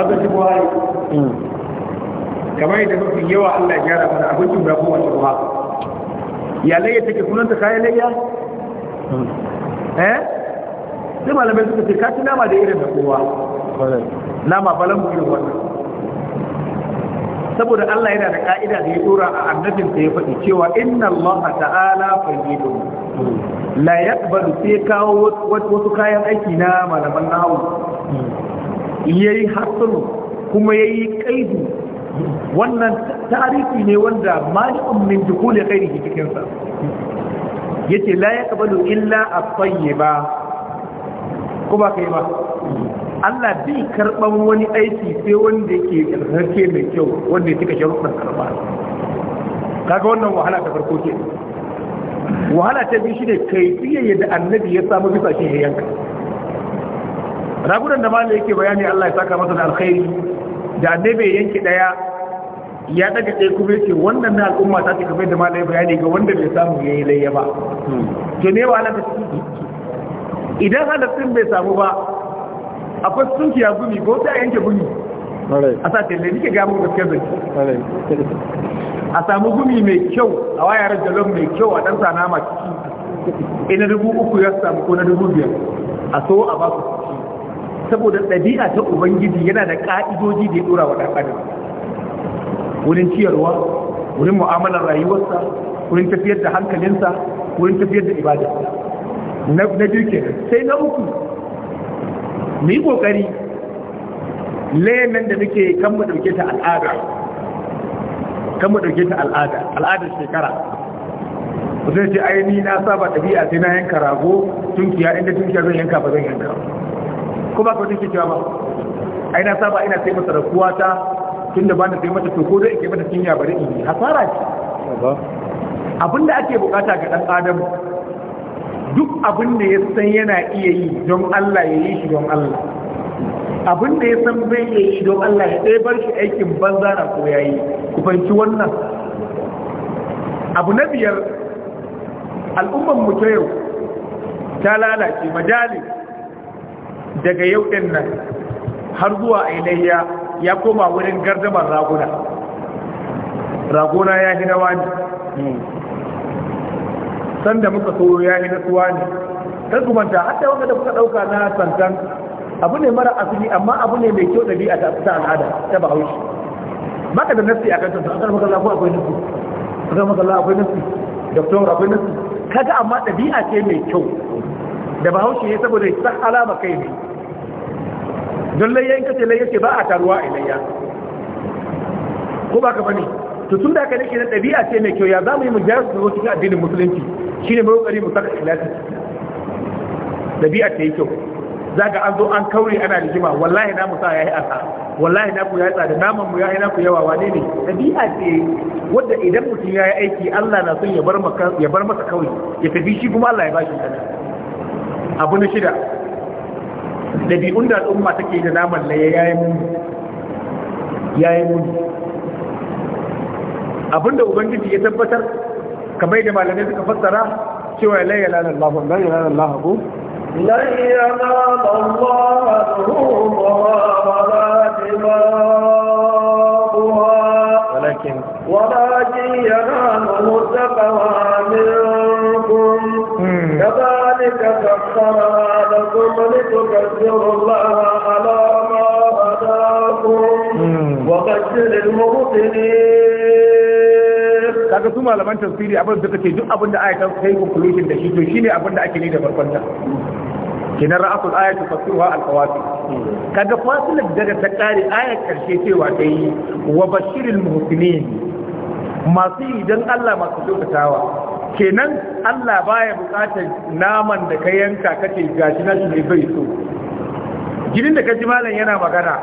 aka shubuha yi hmm. kamar yadda mafi yawa Allah ya gyara mana abincin da kuma ha ya layya take sunanta kayan layya hmm. eh sai malamai suka ce ka ci nama da irin da kowa nama balan mu irin wannan saboda Allah yana da ka'ida da ya dora a annabin sa ya faɗi cewa inna Allah ta'ala fayyidun la yaqbalu sai kawo wasu kayan aiki na malaman nahawu yayi hasan kuma yayi kaidu wannan tarihi ne wanda malikun min dukule ghairihi cikin sa yace la yaqbalu illa at-tayyiba ko ba kai ba Allah bai karban wani aiki sai wanda yake rake mai kyau wanda ya cika sharuɗin karba kaga wannan wahala ta farko ke wahala ta biyu shine fiye yadda annabi ya samu bisa shi ya yanka ragunan da malai yake bayani Allah ya saka masa da alkhairi da annabi ya yanke daya ya daga ɗaya kuma yace wannan na al'umma ta cika bai da malai bayani ga wanda bai samu yayi layya ba hmm. to ne wahala ta idan halattun bai samu ba akwai ya gumi ko ta yanke gumi a sa tele nike ga mu gaskiya zai a samu gumi mai kyau a wayar jalon mai kyau a ɗansa nama ciki ina dubu uku ya samu ko na dubu biyar a so a ba su saboda ɗabi'a ta ubangiji yana da ƙa'idoji da ya ɗora wa ɗan adam wurin ciyarwa wurin mu'amalar rayuwarsa wurin tafiyar da hankalinsa wurin tafiyar da ibadarsa na biyu kenan sai na uku mu yi kokari layan da muke kan mu dauke ta al'ada kan mu dauke ta al'ada al'adar shekara zai ce aini na saba ɗabi'a sai na yanka rago tunkiya inda tunkiya zan yanka ba zan yanka ko ba ka tunki cewa ba ai na saba ina sai masa rakuwa ta tunda ba na sai mata to ko da ake mata cinya bari in yi hasara ce abinda ake bukata ga dan adam duk abin da ya san yana iya yi don Allah ya yi shi don Allah abin da ya san bai iya yi don Allah ya ɗaya bar shi aikin banza na ko ya yi ku fahimci wannan abu na biyar al'ummar mu ta yau ta lalace majalis daga yau ɗin nan har zuwa ainihiya ya koma wurin gardamar raguna raguna ya hinawa ne san da muka soro ya yi nasuwa ne kar ku manta hatta wanda da kuka ɗauka na santan abu ne mara asali amma abu ne mai kyau ɗabi'a ta ta al'ada ta bahaushe maka da nasi a kanta a karfafa lafiya akwai nasi a karfafa lafiya akwai nasi doktor akwai nasi kaga amma ɗabi'a ce mai kyau da bahaushe ne saboda ya alama kai ne don layya in kace layya ce ba a taruwa a layya ko ba ka bane to tun da aka nake na ɗabi'a ce mai kyau ya za mu yi mu gyara su zo cikin addinin musulunci shi ne mai ƙari mu saka ikhlasi dabi'a ta yi kyau Za ga an zo an kauri ana rigima wallahi na mu sa yi asa wallahi na ku yayi tsada naman mu yayi na ku yawa wane ne dabi'a ce wadda idan mutum ya yi aiki Allah na son ya bar maka masa kauri ya tafi shi kuma Allah ya bashi kada abu na shida dabi'un da al'umma take da naman laye yayi mun yi mun abinda ubangiji ya tabbatar kamar da malamai suka fassara cewa la ilaha illallah la ilaha illallah ko la ilaha illallah ruhuha wa la dimaha walakin walakin yanamu taqwa minkum kadhalika kaffara lakum litukabbiru allaha ala ma hadakum wa bashir al-muhsinin ga su malaman tafsiri abin suka ce duk abin da ayatan sai conclusion da shi to shine abin da ake ne da farkon ta ra'atul ayatu tafsiruha al qawati kaga fasilat daga ta kare ayat karshe cewa ta yi wa bashiril muhsinin masu idan Allah masu dokatawa. kenan Allah baya bukatar naman da ka yanka kace gashi na shi bai so jinin da kaji malam yana magana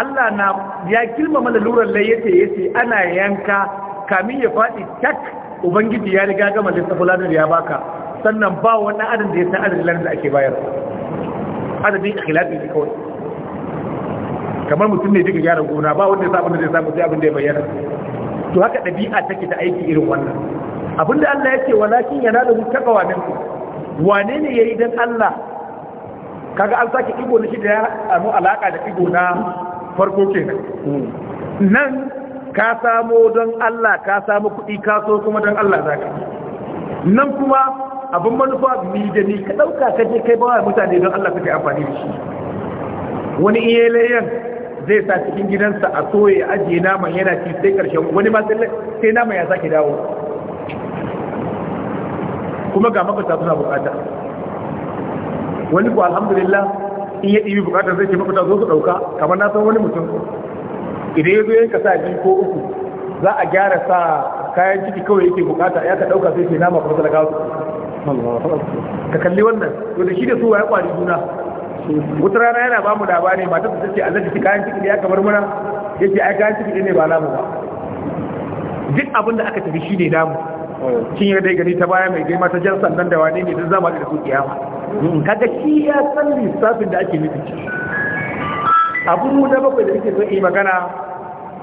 Allah na ya kilma mana lura lai yace yace ana yanka kamin ya faɗi tak ubangiji ya riga gama lissafi ladar ya baka sannan ba wani adadin da ya san adadin ladar da ake bayar adadin ikhilafi ne kawai kamar mutum ne duka gyara gona ba wanda ya sa abin da ya samu sai abin da ya bayyana to haka ɗabi'a take ta aiki irin wannan abinda Allah ya ce ya yana da takawa ku wane ne yayi dan Allah kaga an sake ibo na shi da ya samu alaka da ibo na farko kenan hmm. nan ka samo don Allah ka samu kuɗi ka so kuma don Allah za ka nan kuma abin manufa mai da ni ka ɗauka ka je kai bawa mutane don Allah suke amfani da shi wani iya layan zai sa cikin gidansa a soye ajiye naman yana ci sai ƙarshen wani ma sai naman ya sake dawo kuma ga makwata suna bukata wani ko alhamdulillah in ya ɗibi bukatar zai ce makwata zo su ɗauka kamar na san wani mutum idan ya zo yanka sa biyu ko uku za a gyara sa kayan ciki kawai yake bukata ya ka dauka sai sai nama kuma talaka ka kalli wannan to da shi da su ya kwari juna wata rana yana ba mu ne mata ta ce Allah ki kayan ciki da ya kamar mura yace ai kayan ciki ne ba namu ba duk abin da aka tafi shi ne namu kin yarda gani ta baya mai girma ta jan sandan da wani ne duk zama da su kiyama kaga shi ya san lissafin da ake nufi abu na bakwai da kike so yi magana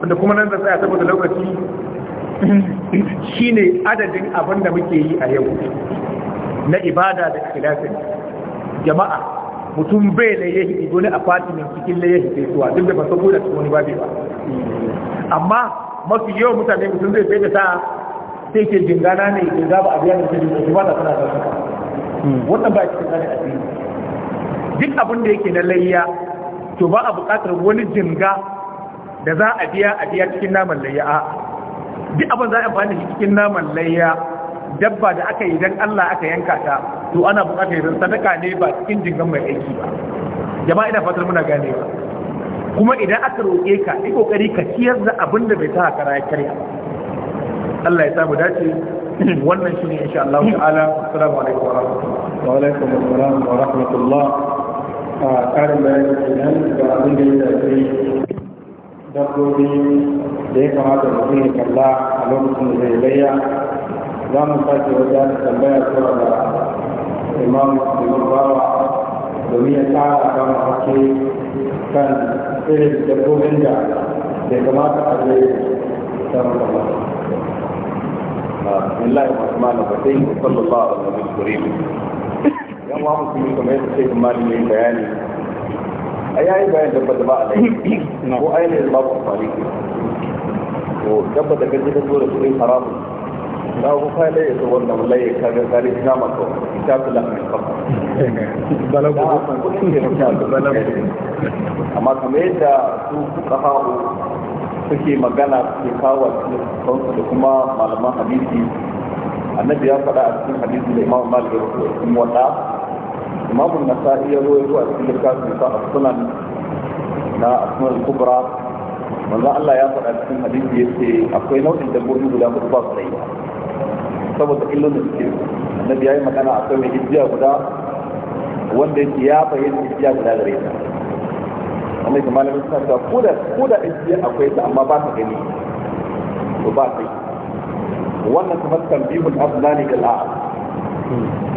wanda kuma nan da tsaya saboda lokaci shine adadin abin da muke yi a yau na ibada da kilafin jama'a mutum bai da ya hidi wani fatimin cikin da ya hidi zuwa duk da ba sabo da wani babi ba amma mafi yawan mutane mutum zai bai da ta sai ke jingana ne ke zaba a biya da ke ba da suna da wannan ba cikin zane a duk abin da yake na layya to ba a buƙatar wani jinga da za a biya a biya cikin naman layya a duk abin za a amfani da cikin naman layya dabba da aka yi don Allah aka yanka ta to ana bukatar yin sadaka ne ba cikin jingan mai aiki ba jama'a ina fatar muna gane ba kuma idan aka roƙe ka yi kokari ka ciyar da abin da bai ta kara ya karya Allah ya samu dace wannan shine insha Allah ta'ala assalamu alaikum wa rahmatullahi wa alaikum assalam wa rahmatullah a karin bayani kenan ga abin da ya shafi dabbobi da ya kamata mutum ya kalla a lokacin da zai layya za mu sake wajen tambaya zuwa da imam musulman bawa domin ya tsara a kan hake kan irin dabbobin da bai kamata a zai samun kamata. بسم الله الرحمن الرحيم وصلى الله على النبي الكريم. yan wa musulmi kamar yadda sai kuma bayani a yayin bayan dabba da ba a laifi ko ainihin babu amfani ke to dabba da gaji ta da kuɗin haramu za ku kai da yasa wanda mulai ya kaga kare ina maka ita kula mai kafa amma kamar yadda su kuka suke magana suke kawo cikin da kuma malaman hadisi annabi ya faɗa a cikin hadisi da imam malik ya rubuta wata بعض النساء يروي هو في الكاس نساء السنن لا السنن الكبرى من لا الله يطلع السنن حديث يسي أقوينه إن تقولي بلا خطبة صحيحة سبب تقلو نسكي النبي أي مكان أقوي هجية ودا وند إجياء فهيز إجياء ودا غريبا أنا كما لم يستطع كودا كودا إجياء أقويت أما بات غني وباتي وانا تمسكن بيه الأبناني كالآخر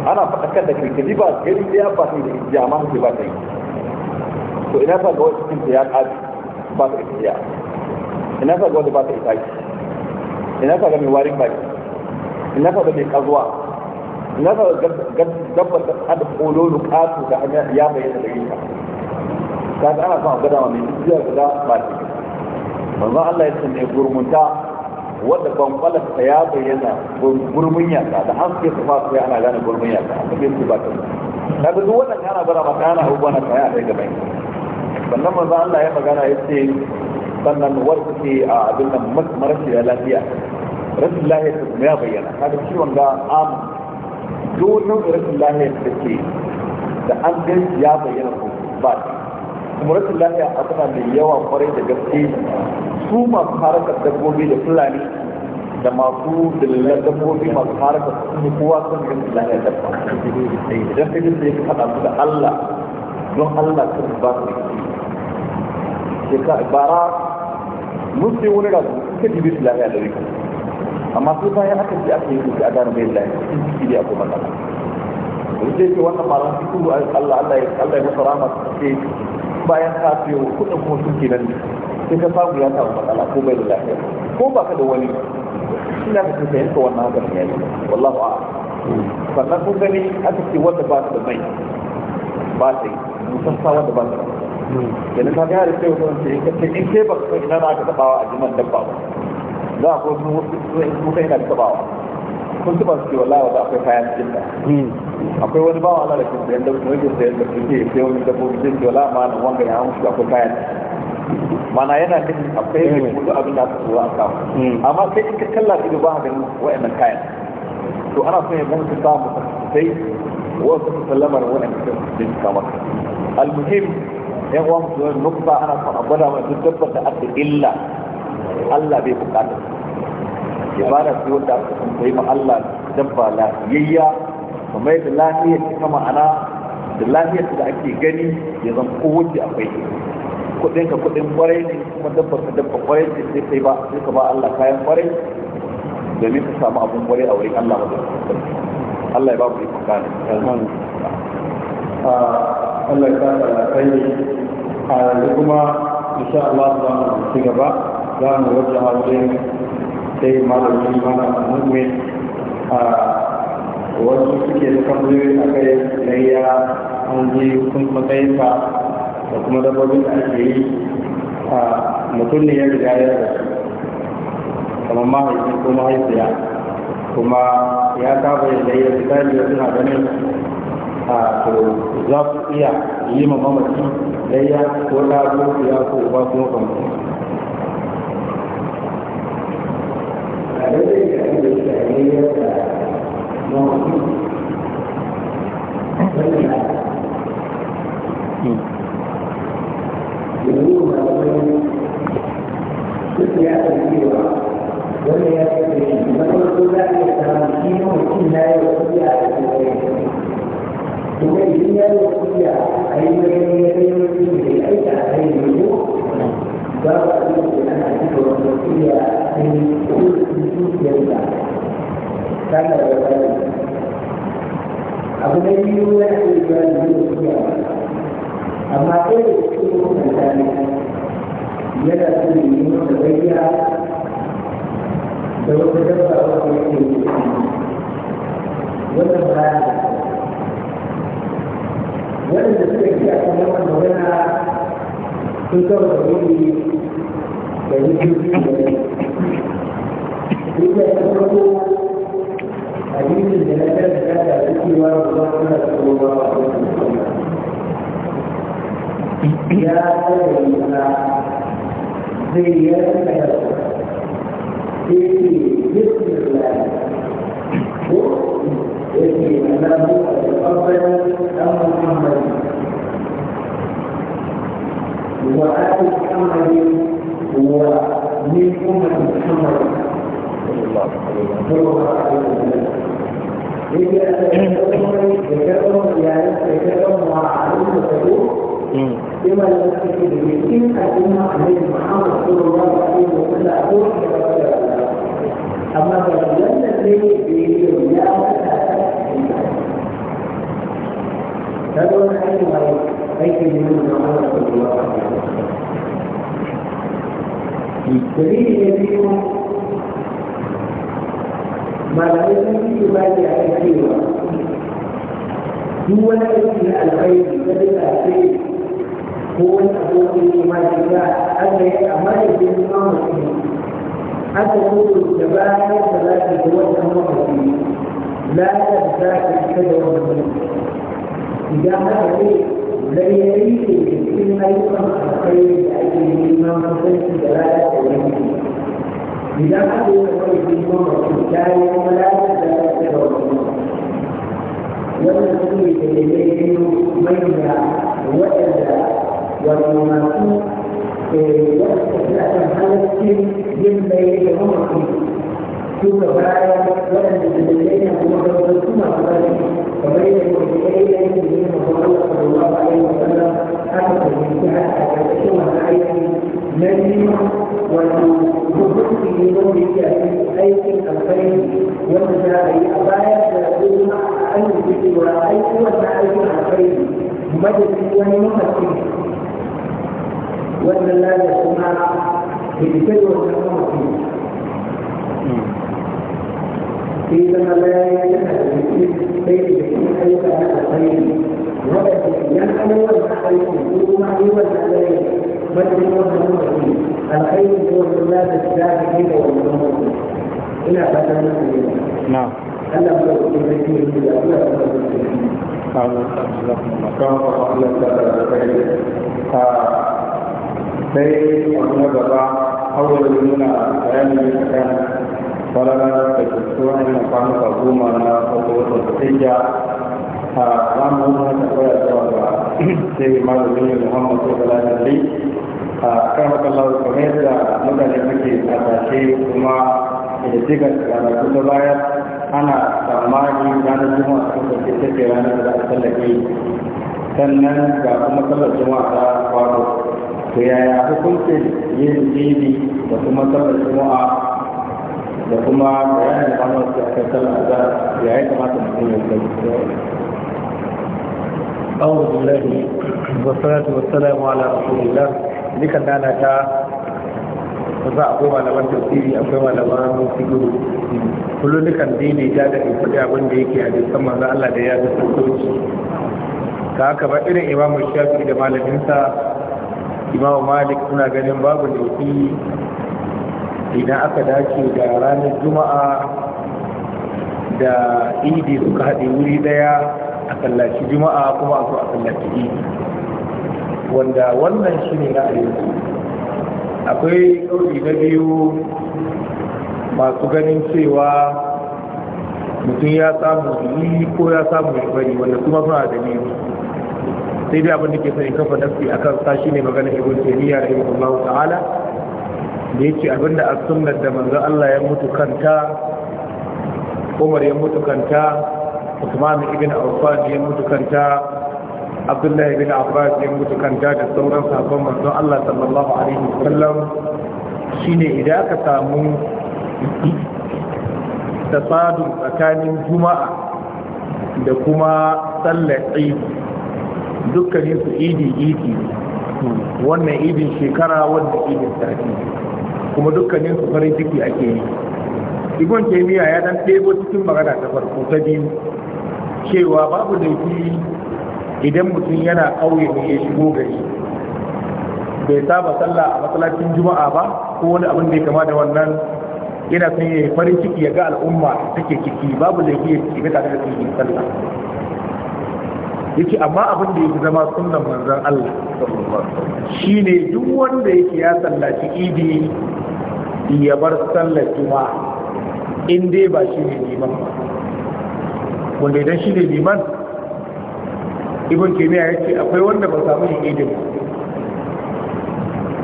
ana faɗakar da kai kaji ba k'e da ya ba da ijiya amma sai ba ta yi. to ina sa ga wani cikin ta ya ƙaji ba ta ya ina sa ga wani ba ta itaki ina sa ga mai warin baki ina sa ga mai ƙazuwa ina sa ga dabbar da ta da ƙololu lukatu da hanyar ya bayyana da yinka kaga ana sa ga dama mai ijiya guda ba ta yi Allah ya ce gurmunta wanda kwankwalar ta ya bayyana gurbin yaka da an suke tafa sai ana gane gurbin yaka a cikin su ba ta ta bi duk wannan kana bara maka ana abubuwa na kaya a gaban sannan maza Allah ya magana ya ce sannan ke a abin nan marashi da lafiya rashin lahiyar ta kuma ya bayyana kaga ciwon ga am dole rashin lahiyar da ke da an gan ya bayyana ko ba ta kuma lafiya a suna yawa kwarai da gaske su masu harakar dabbobi da fulani da masu dalilan dabbobi masu harakar sun yi kowa sun yi da lafiya dabba idan ka jinsa ya fi hada su da allah don allah sun ba su shekara bara mun wani rasu suka jibi su lafiya da rikon amma su bayan aka ji aka yi su a gane mai lafiya sun da kuma da ce wannan malam su kuma allah allah ya masa rama su bayan ka siyo kuɗin kuma sun nan ne sai ka samu ya samu matsala ko bai da lafiya ko ba ka da wani ina ka kusa yanka wannan haka ne yayi wallahu a sannan kun gani aka ce wanda ba ta da mai ba ta yi musassa wanda ba ta da yanzu ka gaya da sai wasu sai ka ce in sai ba ka san ina na aka tabawa a jiman dabba ba za a ko sun wasu sun yana tabawa kun tuba su ke wallahi ba akwai kayan cikin ta akwai wani bawa Allah da ke sayan da kuma yake sayan da ke sai wani dabbobi sai ke wallahi ma nan wanga ya musu akwai kayan mana yana kan akwai ne kudu abin da aka zuwa aka amma sai in ka kalla ido ba ganin wa'annan kayan to ana son ya mun ka samu sai wa su sallamar wa'annan da ke kamar almuhim yan uwan su nukba ana son a gwada mai duk dabbar da aka illa Allah bai bukata ibada ce wanda aka san sai ma Allah dabba lafiyayya kuma yadda lafiyar ta kama ana da lafiyar da ake gani ya zan kowace akwai kudin ka kudin kwarai ne kuma dabbar ka dabba kwarai ce sai kai ba sai ka ba Allah kayan kwarai domin ka samu abun kwarai a wurin Allah wajen Allah ya ba mu ikon gane ah, Allah ya sa da kai a ah, yanzu kuma insha Allah za mu ci gaba za mu wajen sai malamin mana mumme a wasu suke da kamfani a kai layya an ji kun matsayinka da kuma dabbobin da ake yi a mutum ne ya riga ya su kuma mahaifi ko mahaifiya kuma ya saba yadda ya fitali da suna ganin a to za su iya yi ma mamaki layya ko ta zo ya ko uba ko kamfani دليل الذي ما لم يكن في بالي على الخير دون اسم الخير بدل الخير هو الأبوة ما شاء أن يعمل بالإمامة أن تكون الجبال ثلاثة وجه مرتين لا تزداد الكذب والظلم إذا هذا نجم وتبطل نومك أيك الخير والمزارع أبايا تقول أنفسي ورأيت وسألت الخير مجلس ونمسك وأن لا يسمع بالبر والمسك فيما لا يتحدث بين أيك الخير وبدل ينحل والمحل ثم يوزع عليه بل هو المؤمن الخير هو الناس السابقين والمؤمنين الى فتن نعم ألا بلغت الذكر إلى أولى sai abu na gaba awal nuna bayani a kan fararar da kusurwa na kwanuka goma na kwakwa watan tafiya a ranar wata kwaya zuwa ga sai malamin muhammadu sallallahu alaihi a kan makallar kamar yadda mutane suke kasashe kuma da jigar karatu ta baya ana tsammani ranar juma'a sun ta ke ranar da za a sannan ga kuma sallar juma'a ta kwado to yaya hukuncin yin jibi da kuma sallar juma'a da kuma bayanin kamar su a kan da ya yi kamata mutum ya kai أعوذ بالله والصلاة والسلام على رسول الله dukan dana ta za a koma malaman tafsiri akwai wani siguru kullum dini ta da kuɗi abin da yake a dukkan manzo Allah da ya fi sosoci ta haka ba irin imamu shafi da malaminsa imamu malik suna ganin babu laifi idan aka dace da ranar juma'a da idi suka haɗe wuri daya a tsallaci juma'a kuma a a idi wanda wannan shi ne na ayyuka akwai ƙauri na biyu masu ganin cewa mutum ya samu yi ko ya samu ya bari wanda kuma suna da biyu sai dai abin da ke sani kafa a akan sashi ne maganar ibn taymiya rahimahullahu ta'ala da yake abinda a sunnar da manzon Allah ya mutu kanta Umar ya mutu kanta Usman ibn Affan ya mutu kanta abdullahi bin abbas ya mutu kan da sauran sabon manzon Allah sallallahu alaihi wasallam shine idan aka samu tasadun tsakanin juma'a da kuma sallar idi dukkanin su idi idi wannan idin shekara wannan idin sati kuma dukkanin su farin ciki ake yi ibon kemiya ya dan ɗebo cikin magana ta farko ta biyu cewa babu laifi idan mutum yana kauye ne ya shigo gari bai saba sallah a masallacin juma'a ba ko wani abin da ya kama da wannan yana son ya farin ciki ya ga al'umma take ciki babu da ya shiga tare da cikin sallah yake amma abin da yake zama sunnan manzon Allah shine duk wanda yake ya sallaci idi ya bar sallar juma'a in dai ba ne liman ba wanda idan shi ne liman Iban kimiyya ya ce akwai wanda ba samu yin idin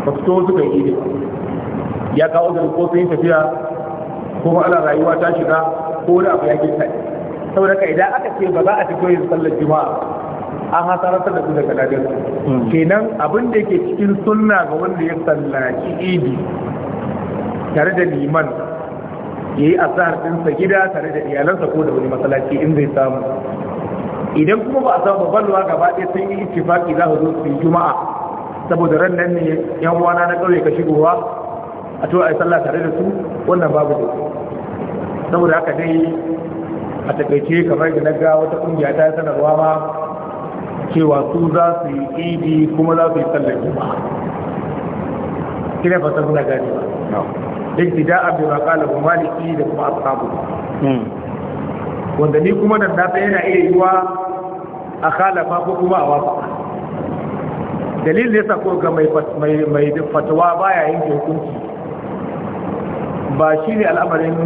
ba su to suka yi idin ya kawo da ko sun tafiya ko ala rayuwa ta shiga ko da abu ya ke sai saboda ka idan aka ce ba za a fito yin sallar juma'a ha hasarantar da su daga ladin hmm. kenan abin da yake cikin sunna ga wanda ya sallaci idi tare da liman ya yi asahar ɗinsa gida tare da iyalansa ko da wani masallaci in zai samu idan kuma ba a samu ruwa gaba ɗaya sun yi ittifaki za su zo su yi juma'a saboda ran nan ne yan uwana na ƙauye ka shigowa a to a yi sallah tare da su wannan babu da saboda haka dai a takaice kamar da na ga wata kungiya ta sanarwa ma cewa su za su yi idi kuma za su yi sallar juma'a kina fata muna gani ba duk da abin kala kuma maliki da kuma asabu hmm. wanda ni kuma da na yana iya yiwa a khalafa ko kuma a wafa dalilin yasa ko ga mai fatawa baya yin hukunci ba shi ne al'amarin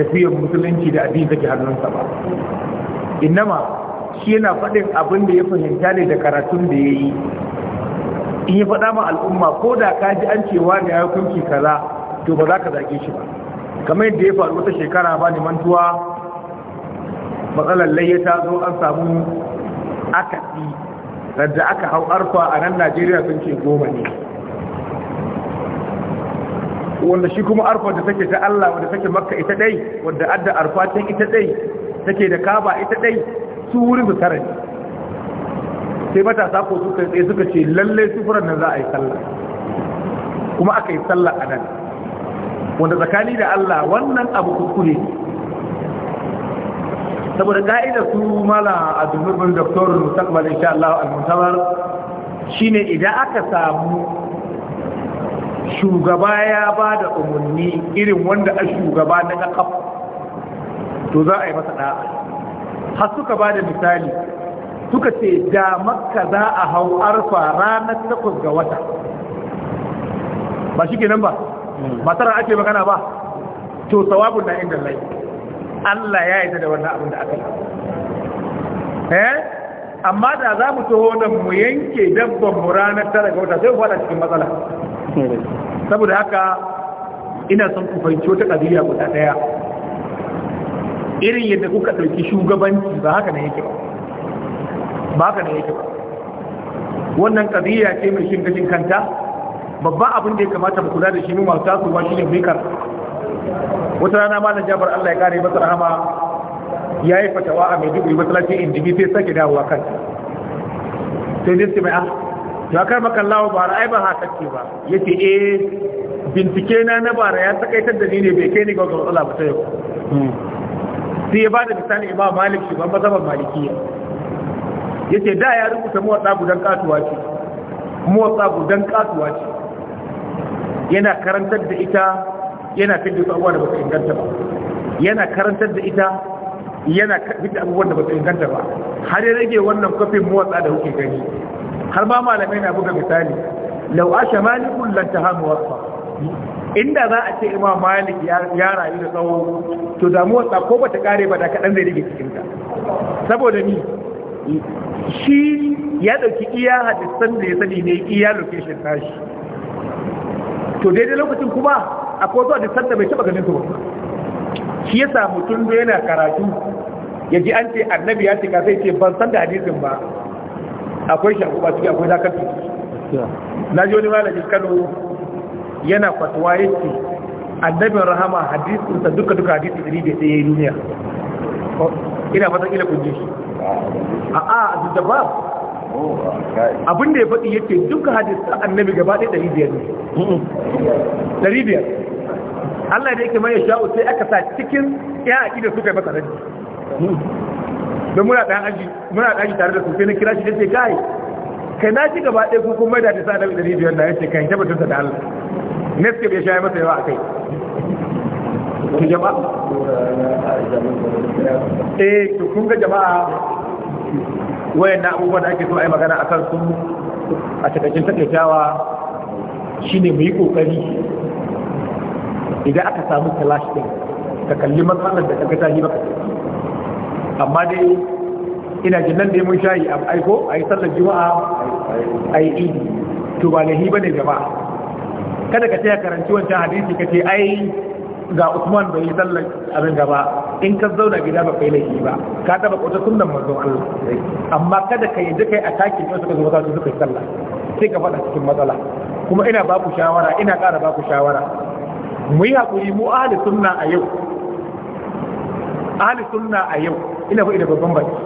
tafiyar musulunci da addini take hannunsa ba Inama shi yana faɗin abin da ya fahimta ne da karatun da ya yi in yi faɗa ma al'umma ko da ka ji an cewa da ya hukunci kaza to ba za ka zage shi ba kamar yadda ya faru wata shekara ba ne mantuwa matsalar layya ta zo an samu aka fi radda aka hau arfa a nan najeriya sun ce goma ne wanda shi kuma arfa da take ta allah wanda take makka ita dai wanda adda arfa ta ita dai take da kaba ita dai su wuri su tara ne sai matasa ko suka tsaye suka ce lalle sufuran nan za a yi sallah kuma aka yi sallah a nan wanda tsakani da allah wannan abu kuskure ne saboda ka'ida su mala a dubbin doktor musamman insha Allah al-mutabar shine idan aka samu shugaba ya ba da umarni irin wanda a shugaba na kakaf to za a yi masa da'a har suka ba da misali suka ce da makka za a hau arfa ranar takwas ga wata ba shi nan ba hmm. ba tara ake magana ba to sawabun na inda lai Allah ya yi da wannan abin da aka yi eh amma da za mu taho da mu yanke dabban mu ranar tara ga wata sai mu fada cikin matsala saboda haka ina son ku fahimci wata ƙabiya guda ɗaya irin yadda kuka ɗauki shugabanci ba haka ne yake ba ba haka ne yake ba wannan ƙabiya ce mai shin gajin kanta babban abin da ya kamata mu kula da shi mu masu tasowa shi ne mai wata rana malam jabar Allah ya kare masa rahama ya yi fatawa a mai dubri in indimi sai sake dawowa kan sai dai mai ah ya kai maka lawo ba ai ba haka ce ba yace eh bincike na na bara ya takaitar da ni ne bai kai ni ga matsala ba sai hmm. sai ya bada misali imam malik shi ban mazhaban malikiya yace da ya rubuta muwatsa gudan katuwa ce muwatsa gudan katuwa ce yana karantar da ita yana fidda su abubuwa da ba su inganta ba yana karantar da ita yana fidda abubuwan da ba su inganta ba har ya rage wannan kofin motsa da kuke gani har ma malamai na buga misali lau asha malikun lan tahamu wasfa inda za a ce imam malik ya rayu da tsawo to da motsa ko bata kare ba da kaɗan zai rage cikin ta saboda ni shi ya ɗauki iya hadisan da ya sani ne iya location tashi to daidai lokacin kuma akwai zuwa da bai taba ganin su ba shi yasa mutum da yana karatu ya ji an ce annabi ya ce sai ce ban san da hadisin ba akwai shaku ba ciki akwai zakar na ji wani malami kano yana fatuwa ya ce annabin rahama sa duka duka hadisi ɗari da sai ya yi duniya ina fatan ila kun ji shi a'a da ba abin da ya faɗi yake duka a annabi gaba ɗaya ɗari biyar ne ɗari biyar Allah da yake mai sha'u sai aka sa cikin ya a da suka yi masa rajin don muna ɗan aji muna ɗan tare da su na kira shi da kai kai na ci gaba ɗaya kuma mai da ta sa annabi ɗari biyar na yace kai batunta da Allah suke bai shaye masa yawa a kai ku jama'a eh to kun ga jama'a na abubuwan da ake so a yi magana a kan sun a cikakken takaitawa ne mu yi kokari idan aka samu clash ɗin ka kalli matsalar da ka ga tahi baka amma dai ina jin nan da mun shayi a aiko a yi sallar juma'a a yi idi to ba hi ba ne jama'a kada ka taya karanci wancan hadisi ka ce ai ga Usman bai yi sallar abin gaba in ka zauna gida ba kai laifi ba ka taba kota sunnan manzo Allah amma kada ka yadda kai ataki ne suka zo su suka yi sallah sai ka faɗa cikin matsala kuma ina ba ku shawara ina ƙara ba ku shawara mu yi hakuri mu ahli sunna a yau ahli sunna a yau ina faɗi ina babban baki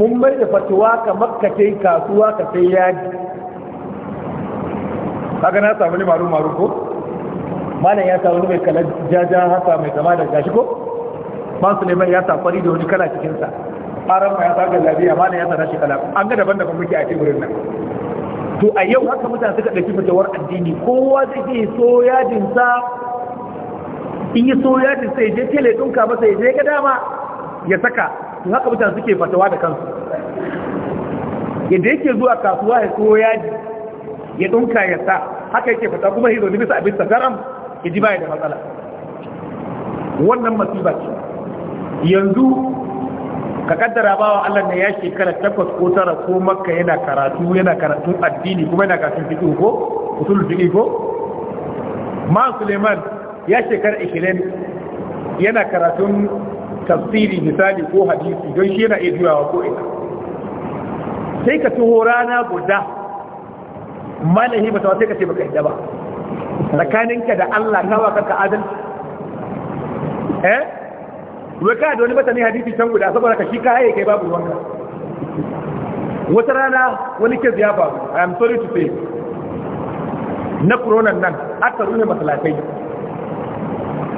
mun bar da fatuwa ka makka kai kasuwa ka sai yadi, kaga na samu ne maru maru ko malam ya sa wani mai kalar jaja haka mai zama da gashi ko man neman ya sa fari da wani kala cikinsa faran ma ya sa lafiya malam ya sa nashi kala an ga daban-daban muke a teburin nan to a yau haka mutane suka ɗauki fitowar addini kowa zai so yadinsa, in yi so yadinsa ya je tele ɗinka masa ya je ga dama ya saka to haka mutane suke fatawa da kansu yadda yake zuwa kasuwa ya so yaji ya ɗinka ya sa haka yake fata kuma hizo ne bisa abin sa garam ya baya da matsala wannan masifa ce yanzu ka kaddara bawa Allah ne ya shekara takwas ko tara ko makka yana karatu yana karatun addini kuma yana karatun fiqh ko usul fiqh ko ma Suleiman ya shekara 20 yana karatun tafsiri misali ko hadisi don shi yana iya juyawa ko ina sai ka tuho rana guda malahi ba ta sai ka ce baka yadda ba tsakaninka da Allah kawa ka adal eh wai ka da wani matanin hadisi can guda saboda ka shi kayaye kai babu ruwanka wata rana wani ke ya faru i am sorry to say na koronan nan aka rune masalatai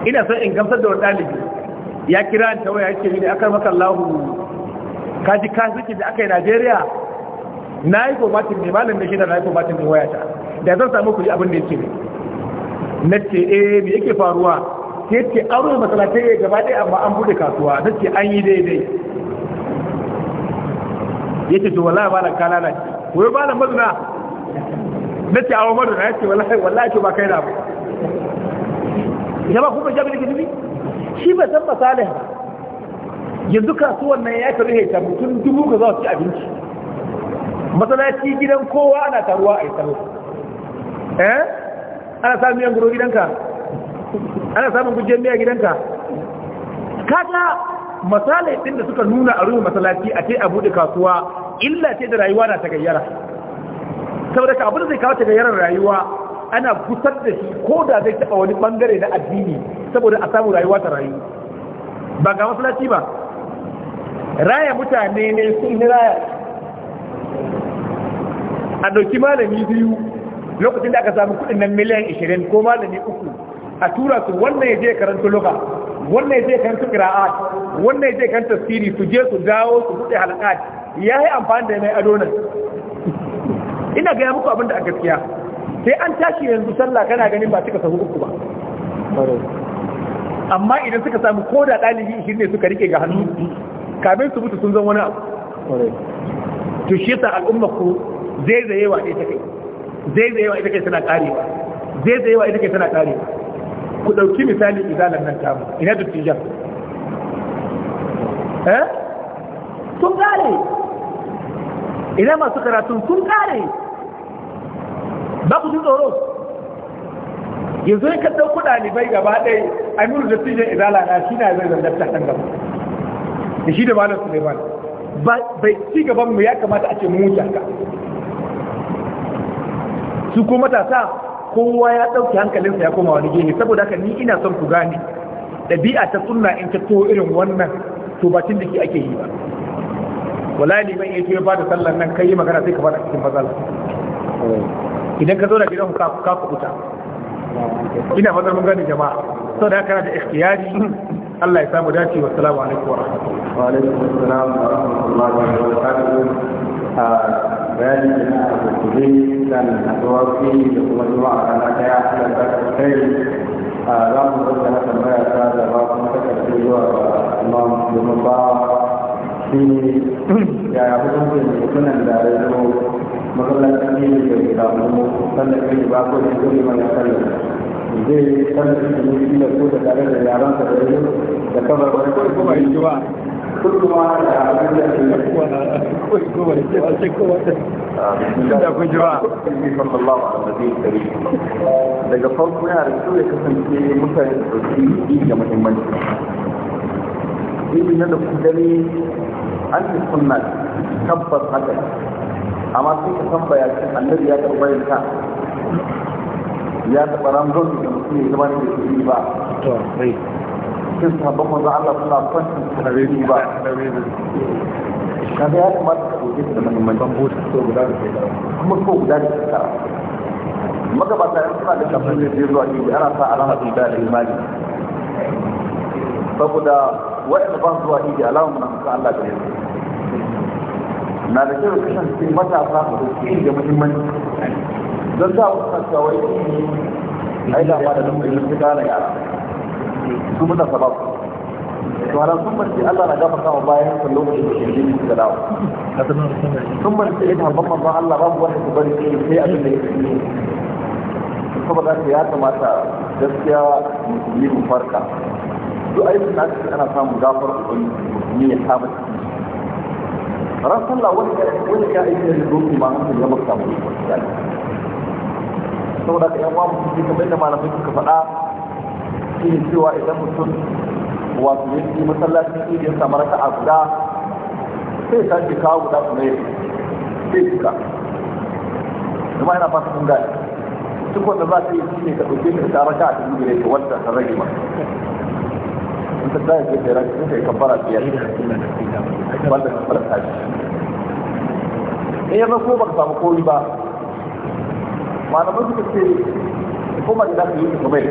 ina son in gamsar da wani ɗalibi ya kira ni ta waya yake mini akar maka Allahu ka suke da aka yi Najeriya na yi komatin ne malam da shi da na yi komatin ne waya ta da zan samu kuɗi abin da yake ne na ce eh me yake faruwa sai ce aure rufe ta ya gaba ɗaya amma an bude kasuwa na ce an yi daidai ya ce to wallahi malam ka lalace na ce wai ba mazuna na ce awon mazuna ya ce wallahi wallahi ce ba kai na ba ya ba kuma jami'in ke nufi shi ba san masalin yanzu kasuwan nan ya fi ta mutum dubu ka za su ci abinci masalaci gidan kowa ana taruwa a yi taruwa eh ana samun yan guro gidanka ana samun gujjen miya gidanka kaga misalai ɗin da suka nuna a rufe masalaci a ce a buɗe kasuwa illa ce da rayuwa na tagayyara saboda ka abin zai kawo tagayyarar rayuwa ana gusar da shi ko da zai taɓa wani ɓangare na addini saboda a samu rayuwa ta rayu ba ga masalaci ba raya mutane ne sun raya a ɗauki malami biyu lokacin da aka samu kudin nan miliyan 20 ko malami uku a tura su wannan ya je karanta loka, wannan ya je karanta qira'a wannan ya je karanta tafsiri su je su dawo su bude halqat yayi amfani da mai adonan ina ga muku abinda a gaskiya sai an tashi yanzu sallah kana ganin ba suka sahu uku ba amma idan suka samu ko da dalibi shi ne suka rike ga hannu kamin su mutu sun zan wani abu to shi yasa al'umma ku zai zaye wa ta kai zai ita kai tana ita kai tana kare ku dauki misali izalan nan tamu ina tijan eh sun kare ina masu karatun sun kare ba ku tsoro yanzu ya kasar kuɗa bai gaba ɗai a nuna da tijan izala na shi na zai zandarta ta gaba da shi da malar suleiman bai ci gaban mu ya kamata a ce mu jaka su ko matasa kowa ya ɗauki hankalinsa ya koma wani gini saboda haka ni ina son ku gane ɗabi'a ta sunna in ta to irin wannan to ba tun da ke ake yi ba wallahi liman ya ce ba da sallan nan kai magana sai ka fara cikin matsala idan ka zo da gidan ka ka ta. ina fadar mun gane jama'a sau da haka da ikhtiyari Allah ya samu dace wa salamu alaikum wa rahmatullahi wa alaikum assalam wa rahmatullahi wa barakatuh a ah, bayani da na abu wannan haɗuwa da kuma zuwa a rana ɗaya da ta kai za mu ta na tambaya ta da ba kuma ta karfi zuwa ga imam domin ba shi yaya hukuncin mutumin da ya zo masallacin fili da gida mu sannan kai ba ko da kuma mai sallah zai sallah da mutum da ko da tare da yaran sa da ya da kabar wani ko yi ba da ku jira daga farko yana da kyau ya kasance mutane da ɗauki yi da muhimmanci yi da ku gani an yi sunna tabbas haka amma sai ka san shi annabi ya taɓa ka ya taɓa ramzon da mutum ya zama da ba cikin sahabban manzo Allah suna son su tare ni ba kaga ya kamata ka dauke da muhimmancin bota so guda da shekara kuma so guda da shekara magabata yan suna da shafin da zai zuwa ne ana sa alama su da imani saboda waɗanda ba zuwa ne alama munafuka Allah da yanzu na da kyau kashin cikin matasa su dauke da muhimmanci don za a wasu kasuwa wai ai da ma da nufin ilmi gane yara su muna sabab wala sun mace Allah na gafarta wa bayan sun lokacin da shirye su da dawo sun mace ita habban manzo Allah babu wanda su bari sai sai abin da ya fi saboda ya kamata gaskiya musulmi mu farka duk aikin da aka ana samun gafar ubangiji ya samu ran sallah wani wani ya aiki da doki ma hankali ya baka mu saboda ka yan uwa mutum kamar da malamai suka faɗa fiye cewa idan mutum wato ya ci masallacin idi ya samu raka guda sai ta shi kawo guda su ne sai duka kuma yana fasa sun gani duk wanda za ka yi shi ne ka ɗauke ka ta raka a cikin gare ka wanda ta rage ma in ta tsaya ce kai rage sai ka fara biyar wanda ka fara tashi in yanzu ko ba ka samu koyi ba malamai suka ce kuma da za ka yi ka mai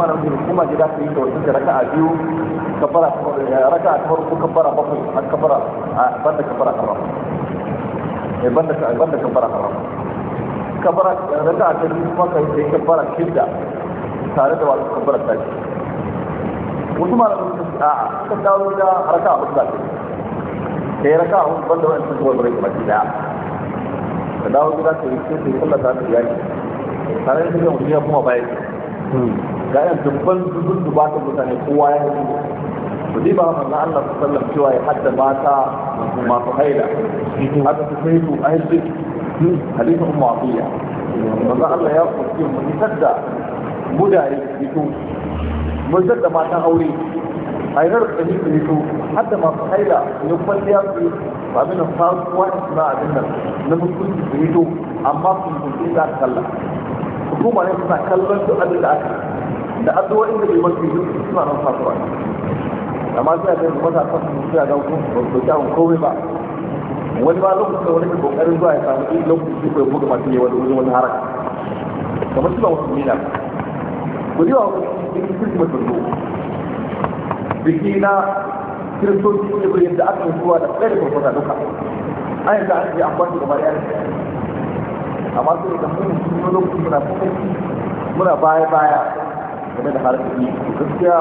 kuma na kuma ji za ka yi da wasu da raka'a biyu kafara eh, raka'a ta farko kafara bakwai har kafara banda kafara haram eh, banda banda kafara haram kafara raka'a ta biyu kuma kai sai kafara shida tare da wasu kafara ta ce wasu ma na ka dawo da raka'a ba da ta yi eh, raka'a hudu banda wani ta zuwa bari kamar da ka dawo za ka yi sai sai sallah ta iyali tare da mutum ya kuma bayan hmm. ga yan dubban dubban dubatan mutane kowa ya yi ku ji ba manzo Allah sallallahu cewa ya hadda mata masu haila haka su sai su aiki halifa ummu afiya manzo Allah ya kuce mu tadda mudaye fito mun tadda matan aure hailar da ni fito hadda masu haila ne kwalliya su ba mina fasuwa na abin nan na mutunci fito amma kun kunce za ka kalla hukuma ne suna kallon duk abin da aka da addu'o'in da bai mafi suna nan fasuwa amma suna kai mata kan su suna ga ku ba su kyawun komai ba wani ba lokacin da wani ke kokarin zuwa ya samu ɗin lokacin su ke buga masu yawa da wajen wani haraka kamar suna wasu Ko ku yi wa wani kirkimar tuntu biki na kiristoci ne bai yadda aka yi zuwa da ɗaya ko ta duka an yadda aka yi amfani da mariya amma sai da mun yi lokacin muna muna baya baya game da harkar yi gaskiya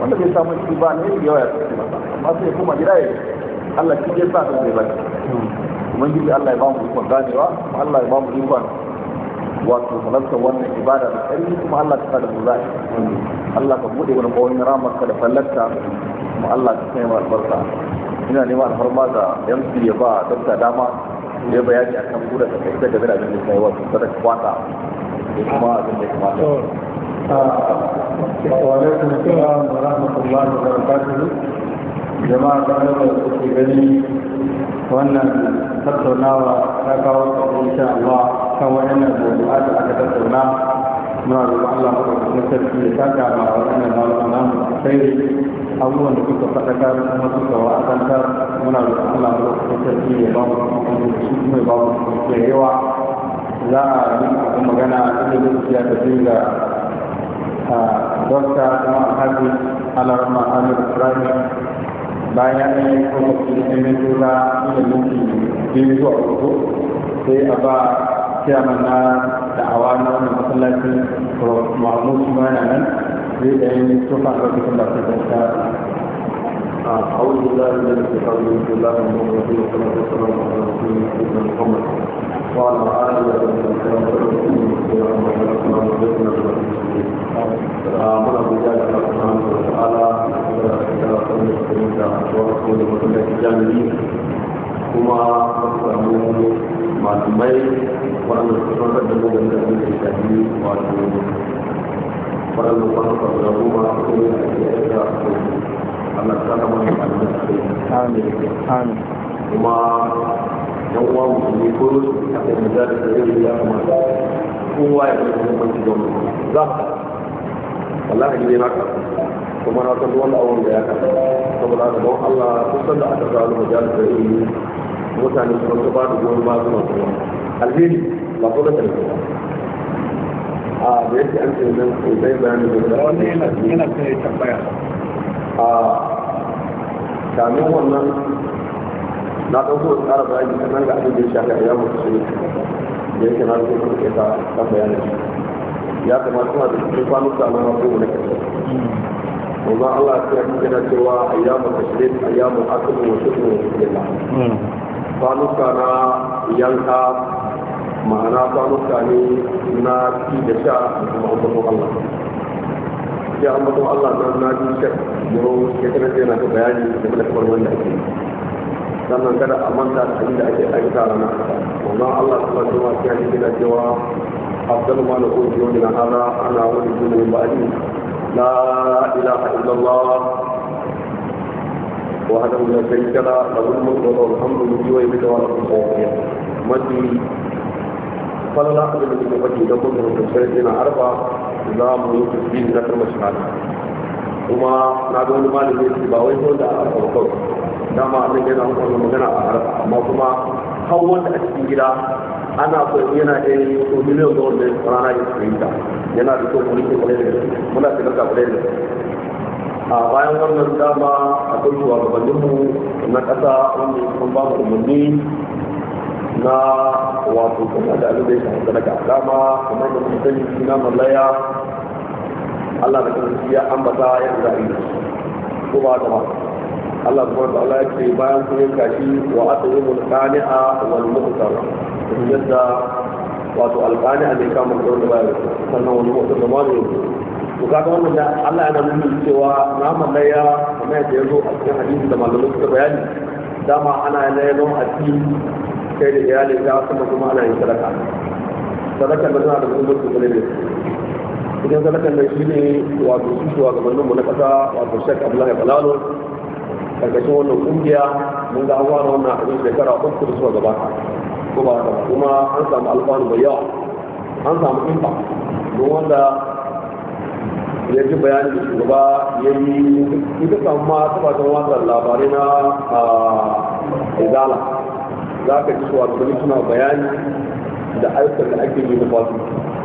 wanda bai samu shi ba ne yawa ya kasance masa amma sai kuma gida ya Allah shi ya sa ta zai baki ubangiji Allah ya ba mu ikon ganewa kuma Allah ya ba mu ikon wato halarta wannan ibada da tsari kuma Allah ta da mu Allah ka bude wani bawon ramarka da fallarta kuma Allah ta sanya mu albarka ina neman alfarma da yanzu ya ba dokta dama ya bayani akan buɗe da kai da gaba da abin da kai wato sadaka kwata da kuma abin da kamata وعليكم السلام ورحمة الله وبركاته جماعة طالب الكتب gani wannan tattaunawa ta kawo ƙarfi insha Allah kan waɗannan mawdu'a da aka tattauna muna roƙon Allah madaukakin sarki ya saka ma waɗannan malama namu sai abubuwan da suka faɗakar kuma suka wa'azantar muna roƙon Allah madaukakin sarki ya ba mu kuma ya yawa za a yi magana a lokaci ya dokta kuma alhaji alarma amir ibrahim bayan an yi kwamfafi da tura ila minti biyu zuwa uku sai a ba ciyaman na da'awa na wannan masallaci mahmud shi ma nan zai da yin tufa a lokacin da su dokta أعوذ بالله من الشيطان الرجيم بسم الله الرحمن الرحيم وصلى الله وسلم على رسول الله محمد وعلى آله آمنا بذلك سبحانه وتعالى ورسول الله الجامعين كما أصبحوا معلومين وأن الصفات الجمهورية التي تشاهدين معلومين وأن الصفات الجمهورية التي تشاهدين أن الصفات الجمهورية التي تشاهدين آمين آمين yan uwa musulmi ko su a kan da da zai ya kamata kowa ya san muhimmanci mu. za ka wallahi ne na ka kuma na san wanda awon da ya ka saboda haka don Allah san da aka zalu majalis da ilimi mutane su kan ba da goyon ba su masu wani alheri ba ko da karfi a da yake an ce nan sai bayanin da wani yana yana tambaya a kamin wannan na ɗauko su ƙara bayani kaɗan ga abin da ya shafi a yawon mutum da yake na rufe kuma ke sa ta bayanin shi ya kamata kuma da cikin kwanu ta nan wani ƙasa kuma Allah ya kuka na cewa a yawon tashirin a yawon akwai wa shi ne wasu ke ba hmm. kwanu ta na yanka ma'ana kwanu ta ne na ci da sha da kuma Allah ya ambaton Allah na na ji shi ne wasu ke kanar da yana ta bayani da mana kamar sannan kada a manta da inda ake aika rana wannan Allah ta wasu ma ya shi da cewa afdal ma na kofi na hana ana wani jini ba'adi la ilaha illallah وهذا من الشركة له الملك وله الحمد لله ويبيت وله الصوفية مجي فلا لا أقدر أن يكون مجي لكم من الشركة أربعة لا ملوك الدين kuma مشهد kuma na ga wani malami shi ba wai ko da a farko dama nan yana wannan magana a harka amma kuma har wanda a cikin gida ana so yana da so miliyan da wanda rana ya tsaye ta yana da so mulki kwale da muna shiga ka kwarai da a bayan wannan dama akwai shugabanninmu na ƙasa wanda kuma ba mu umarni na wato kuma da abin da ya shafi sadaka dama kamar da kuma sani na mallaya Allah da kansu ya ambata ya ni ko ba ta ba Allah subhanahu wa ta'ala ya bayan kun yanka shi wa atrimul qani'a wal mu'tar yadda wato alqani'a ne kama ko da bayar sannan wani mu'tar da wani ko ga wannan da Allah yana nuna cewa na da ya kamar yadda ya a cikin hadisi da malamai suka bayani dama ana yana yanon a kai da iyalin ta kuma kuma ana yin sadaka sadaka da tana da kuma kuma da ne cikin sadakan da shi ne wato su gabaninmu na kasa wato shek abdullahi balalo karkashin wannan kungiya mun ga an ware wannan abin shekara uku da suka gabata ko ba kuma an samu alfanu mai yawa an samu imba don wanda ya ji bayanin da shugaba ya yi ita samu ma tabbatar watsa labarai na izala za ka ji wato suna bayani da aikata da ake yi na fasu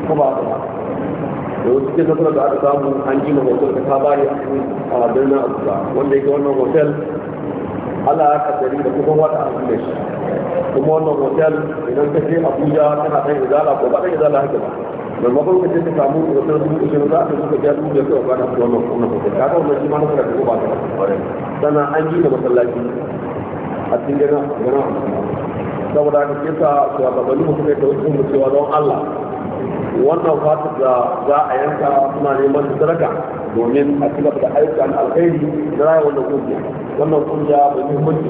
ko ba da wasu cikin nasarar da aka samu an ji ma hotel ta bari a birnin abuja wanda yake wannan hotel ala ya kasari da kuma wata a da shi kuma wannan hotel idan ka je abuja tana ɗan izala ko ba ɗan izala haka ba maimakon ka je ka samu hotel su dubu ishirin za ka suka biya dubu da kai ba na wannan wannan hotel ka ga wannan shi ma nasarar da ba ta sannan an yi da masallaci a cikin garin garin saboda haka kisa shugabanni mutum ya yi ta wasu cewa don allah wannan fatar da za a yanka suna neman su sadaka domin a ci gaba da ayyukan alkhairi na rayuwar wannan kungiya wannan kungiya mai muhimmanci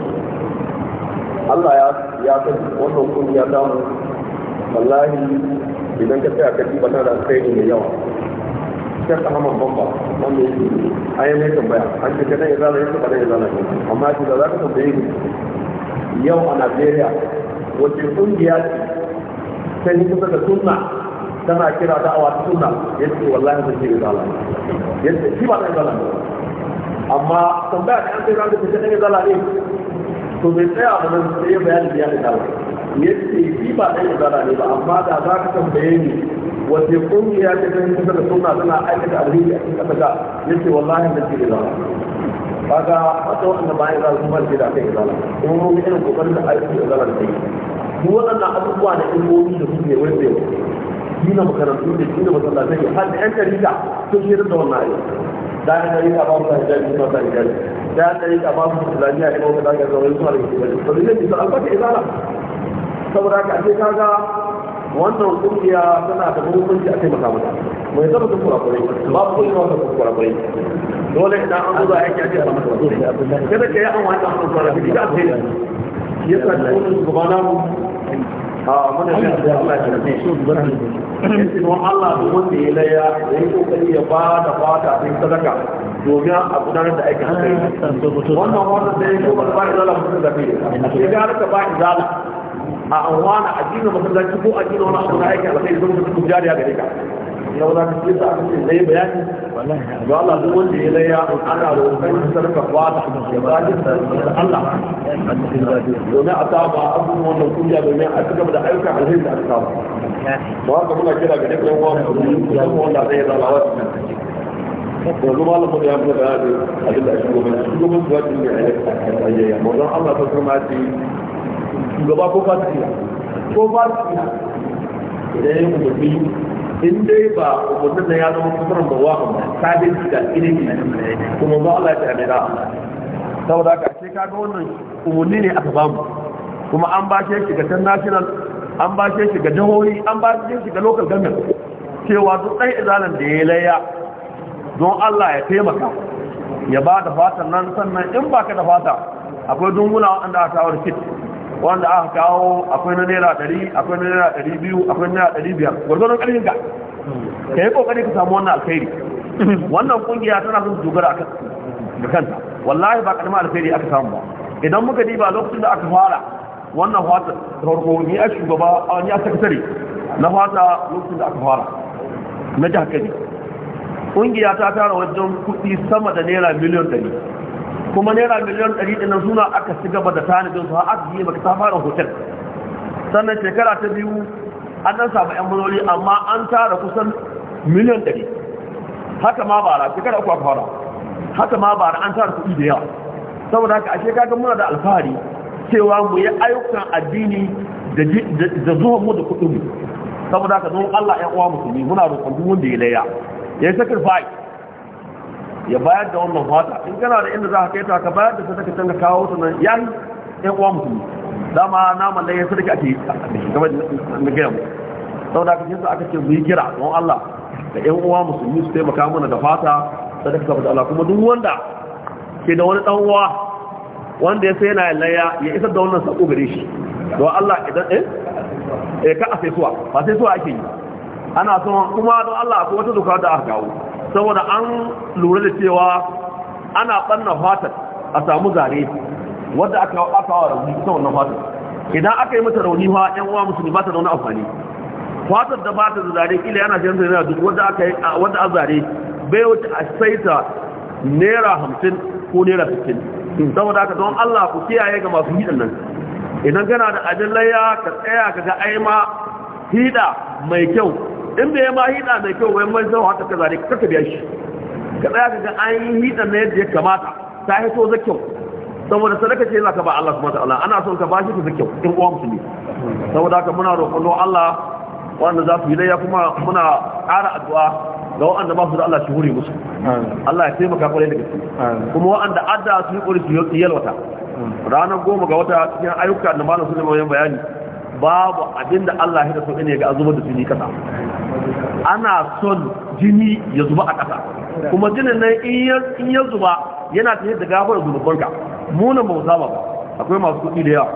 Allah ya ya san wannan kungiya ta mu wallahi idan ka tsaya ka ba tana da alkhairi mai yawa sai ka hama bamba wanda yake ayyukan mai tambaya an ce kada ya zana yake kada ya zana amma shi da za ka tambaye yau a Najeriya wace kungiya ce ta yi kusa da sunna tana kira da'awa sunna ce, wallahi zan yi izala ce, shi ba zai izala amma tambaya da an sai zan fita ne zala ne to bai tsaya ba nan sai bayani biya da dawo ce shi ba zai zala ne ba amma da za ka tambaye ni wace kungiya ta ganin kusa da suna tana aikata alheri a cikin kasa ga ce wallahi zan yi zala kaga wata wanda bayan za su marke da kai zala kuma mun yi irin kokarin da aiki zala da kai duk waɗannan abubuwa da ilmomi da suke wanda yau gina makarantu da gina masallatai har da yan jarida sun shirin da wannan ayyuka da yan jarida ba su da hijabi su da hijabi da yan jarida ba su da islamiyya ne wanda za ka zama yin suwa da hijabi to zai bisa albata saboda ka ce ga wannan kungiya tana da hukunci a kai makamata mai zama sun kurakurai ba ku yi wata kurakurai dole ina an zuwa yake ake samun kurakurai kada ka yi an wata sun kurakurai da ake yi ya sa da wani shugaba mu a Allah ya rufe shi da Allah wanda ya laya ya yi kokari ya ba da fata sai sadaka domin a gudanar da aikin hankali wannan wannan da ya yi ba izala mutum da kai sai ga harka ba izala a anwana addinin mutum ko addinin wani abu na aikin alkhairi zama mutum jariya gare ka yau za ka ce sa aka ce zai bayani ga Allah duk wanda ya laya ana roƙon sarka fata ya ba shi da Allah domin a saba abubuwan da kuya domin a ci gaba da ayyuka alheri da aka samu ba haka muna kira ga dukkan wa musulmi wanda zai zama wasu yanzu malamin ya fi da abin da shugaban shugaban su wajen da ya yi ya mawazan allah ta kuma ce shugaba ko fasiki ko fasiki idan ya kuma bi in dai ba umurnin da ya zama kusurin ba wa ba sabin da ilimi kuma ba Allah ta amira saboda ka ce kaga wannan umurni ne aka bamu kuma an ba shi shiga can national an ba shi shiga jihohi an ba shi shiga local government cewa duk ɗan izalan da ya laya don Allah ya taimaka ya ba da fatan nan sannan in ba ka da fata akwai dunguna waɗanda aka tawar kit wanda aka kawo akwai na naira ɗari akwai na naira ɗari biyu akwai na naira ɗari biyar gwargwaron ƙarfin ka ka yi ƙoƙari ka samu wannan alkhairi wannan ƙungiya tana son dogara a kanta wallahi ba ƙaramin alkhairi aka samu ba idan muka diba lokacin da aka fara wannan fata da farko ni a shugaba a ni a sakatare na fata lokacin da aka fara na jihar kaji ƙungiya ta tara wajen kuɗi sama da naira miliyan ɗari kuma naira miliyan ɗari ɗin suna aka ci gaba da tanadin su har aka yi ta fara hotel sannan shekara ta biyu an nan samu yan manoli amma an tara kusan miliyan ɗari haka ma bara shekara uku aka fara haka ma bara an tara kuɗi da yawa saboda haka ashe kaga muna da alfahari cewa mu yi ayyukan addini da zuwan mu da kuɗin mu saboda haka don Allah ya uwa musulmi muna roƙon duk wanda ya laya ya yi sacrifice ya bayar da wannan fata in kana da inda za ka kai ta ka bayar da sadaka can ka kawo ta nan yan ɗan uwa musulmi dama na mallan ya sadaka ake gaba da gaya mu saboda ka kinsa aka ce mu yi kira don Allah da ƴan uwa musulmi su taimaka mana da fata sadaka saboda Allah kuma duk wanda ke da wani dan uwa wanda ya sai yana laya ya isa da wannan sako gare shi don Allah idan eh, eh a ka suwa ba sai suwa ake yi ana son kuma don Allah akwai wata doka da aka kawo saboda an lura da cewa ana ɓanna fatar a samu zare wadda aka yi wa rauni ta wannan fatar idan aka yi mata rauni fa yan uwa musulmi ba ta zaune amfani fatar da ba ta da zare ila yana jiran zare duk wadda aka yi wadda a zare bai wuce a saita naira hamsin ko naira sittin saboda aka don Allah ku kiyaye ga masu hidan nan idan kana da abin layya ka tsaya ka ga aima hida mai kyau in ya ma hida mai kyau wai mai zama haka kaza ne kaka biya shi ka tsaya ka ga an yi hida na yadda ya kamata ta hito so kyau saboda sadaka ce zaka ba Allah subhanahu wataala ana son ka bashi shi za kyau in uwa musulmi saboda haka muna roƙon Allah wanda za su yi laiya kuma muna ƙara addu'a ga waɗanda ba su da Allah shi huri musu Allah ya taimaka kwarai da gaske kuma waɗanda adda su yi ƙuri su yalwata ranar goma ga wata cikin ayyuka da malam su bayani babu abinda Allah ya so ne ga azubar da jini kasa ana son jini ya zuba a kasa kuma jinin nan in ya zuba yana tafiya da gafar zunubanka mu nan ba mu ba akwai masu kuɗi da yawa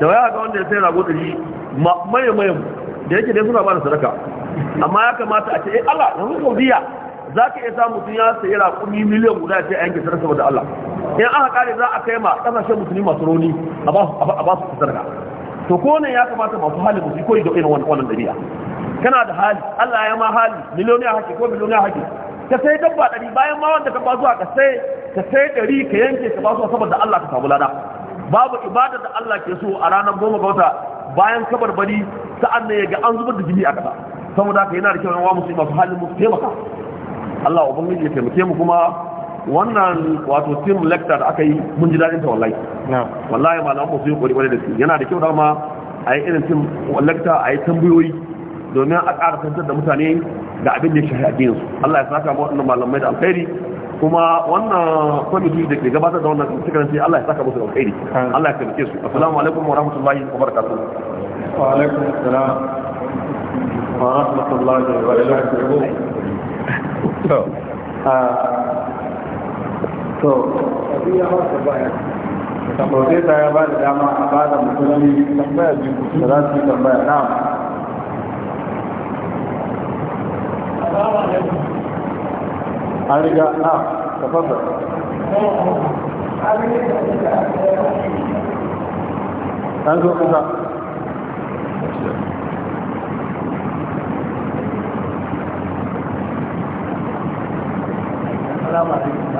da waya ga wanda ya sai rago ɗari maye maye da yake dai suna ba da sadaka amma ya kamata a ce eh Allah yanzu godiya za ka iya samu mutum ya sayi raƙumi miliyan guda sai a yanke sadaka saboda Allah in aka kare za a kai ma ƙasashen musulmi masu rauni a ba su sadaka to ko ne ya kamata masu hali musu koyi da irin wannan dabi'a kana da hali Allah ya ma hali miliyoniya hake ko miliyoniya hake ka sai dabba ɗari bayan ma wanda ka ba zuwa ka sai ka sai ɗari ka yanke ka ba zuwa saboda Allah ka samu lada babu ibada da Allah ke so a ranar goma ga wata bayan kabar bari sa'an ne ya ga an zubar da jini a kasa. saboda haka yana da kyau wa musu masu hali musu taimaka Allah ubangiji ya taimake mu kuma wannan wato team lecture da aka yi mun ji dadin ta wallahi wallahi malamu mu su yi kokari da su yana da kyau da ma a yi irin team lecture a yi tambayoyi domin a ƙara tantar da mutane da abin da ya shahi addinin su Allah ya saka mu wannan malamai da alkhairi kuma wannan kwamiti da ke gabatar da wannan cikin sai Allah ya saka musu da alkhairi Allah ya tabbake su assalamu alaikum wa rahmatullahi wa barakatuh wa alaikum assalam wa rahmatullahi wa barakatuh to ta ya ba da dama a ba da musulmi tambaya biyu da za su yi tambaya na na tafasa an zo kusa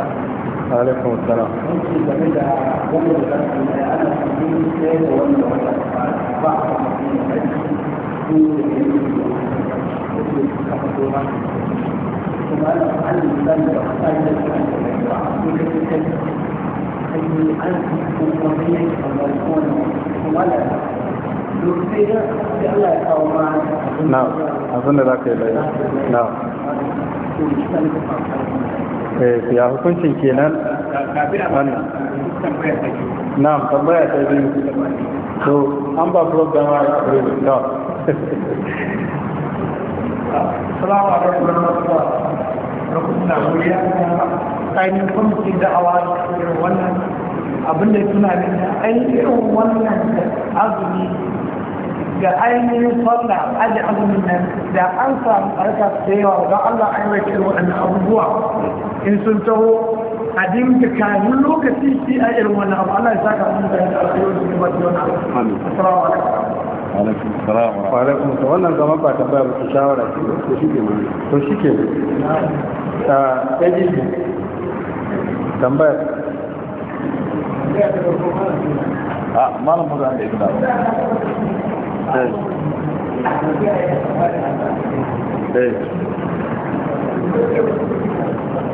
Thank you. عليكم السلام نعم. نعم أظن ذاك إليه نعم Eh, ya hukuncin kenan wannan nan tambaya ta biyu to an ba program a abu da salamu alaikum warahmatullahi rahmatullahi wuriya kayan kwamitin da'awa wannan abinda suna nuna ainihin wannan azumi ga ainihin sallah aji azumin nan da an samu da yawa Allah an rage waɗannan abubuwa in sun taho a dinka kayan lokaci shi a irin wannan abu Allah ya saka mun da alƙawarin da ba tona amin assalamu wannan zaman ba ta bayar ku shawara ce to shike ne to shike ne ta kaji tambayar ah, a ah, malam da Thank eh. you. Eh.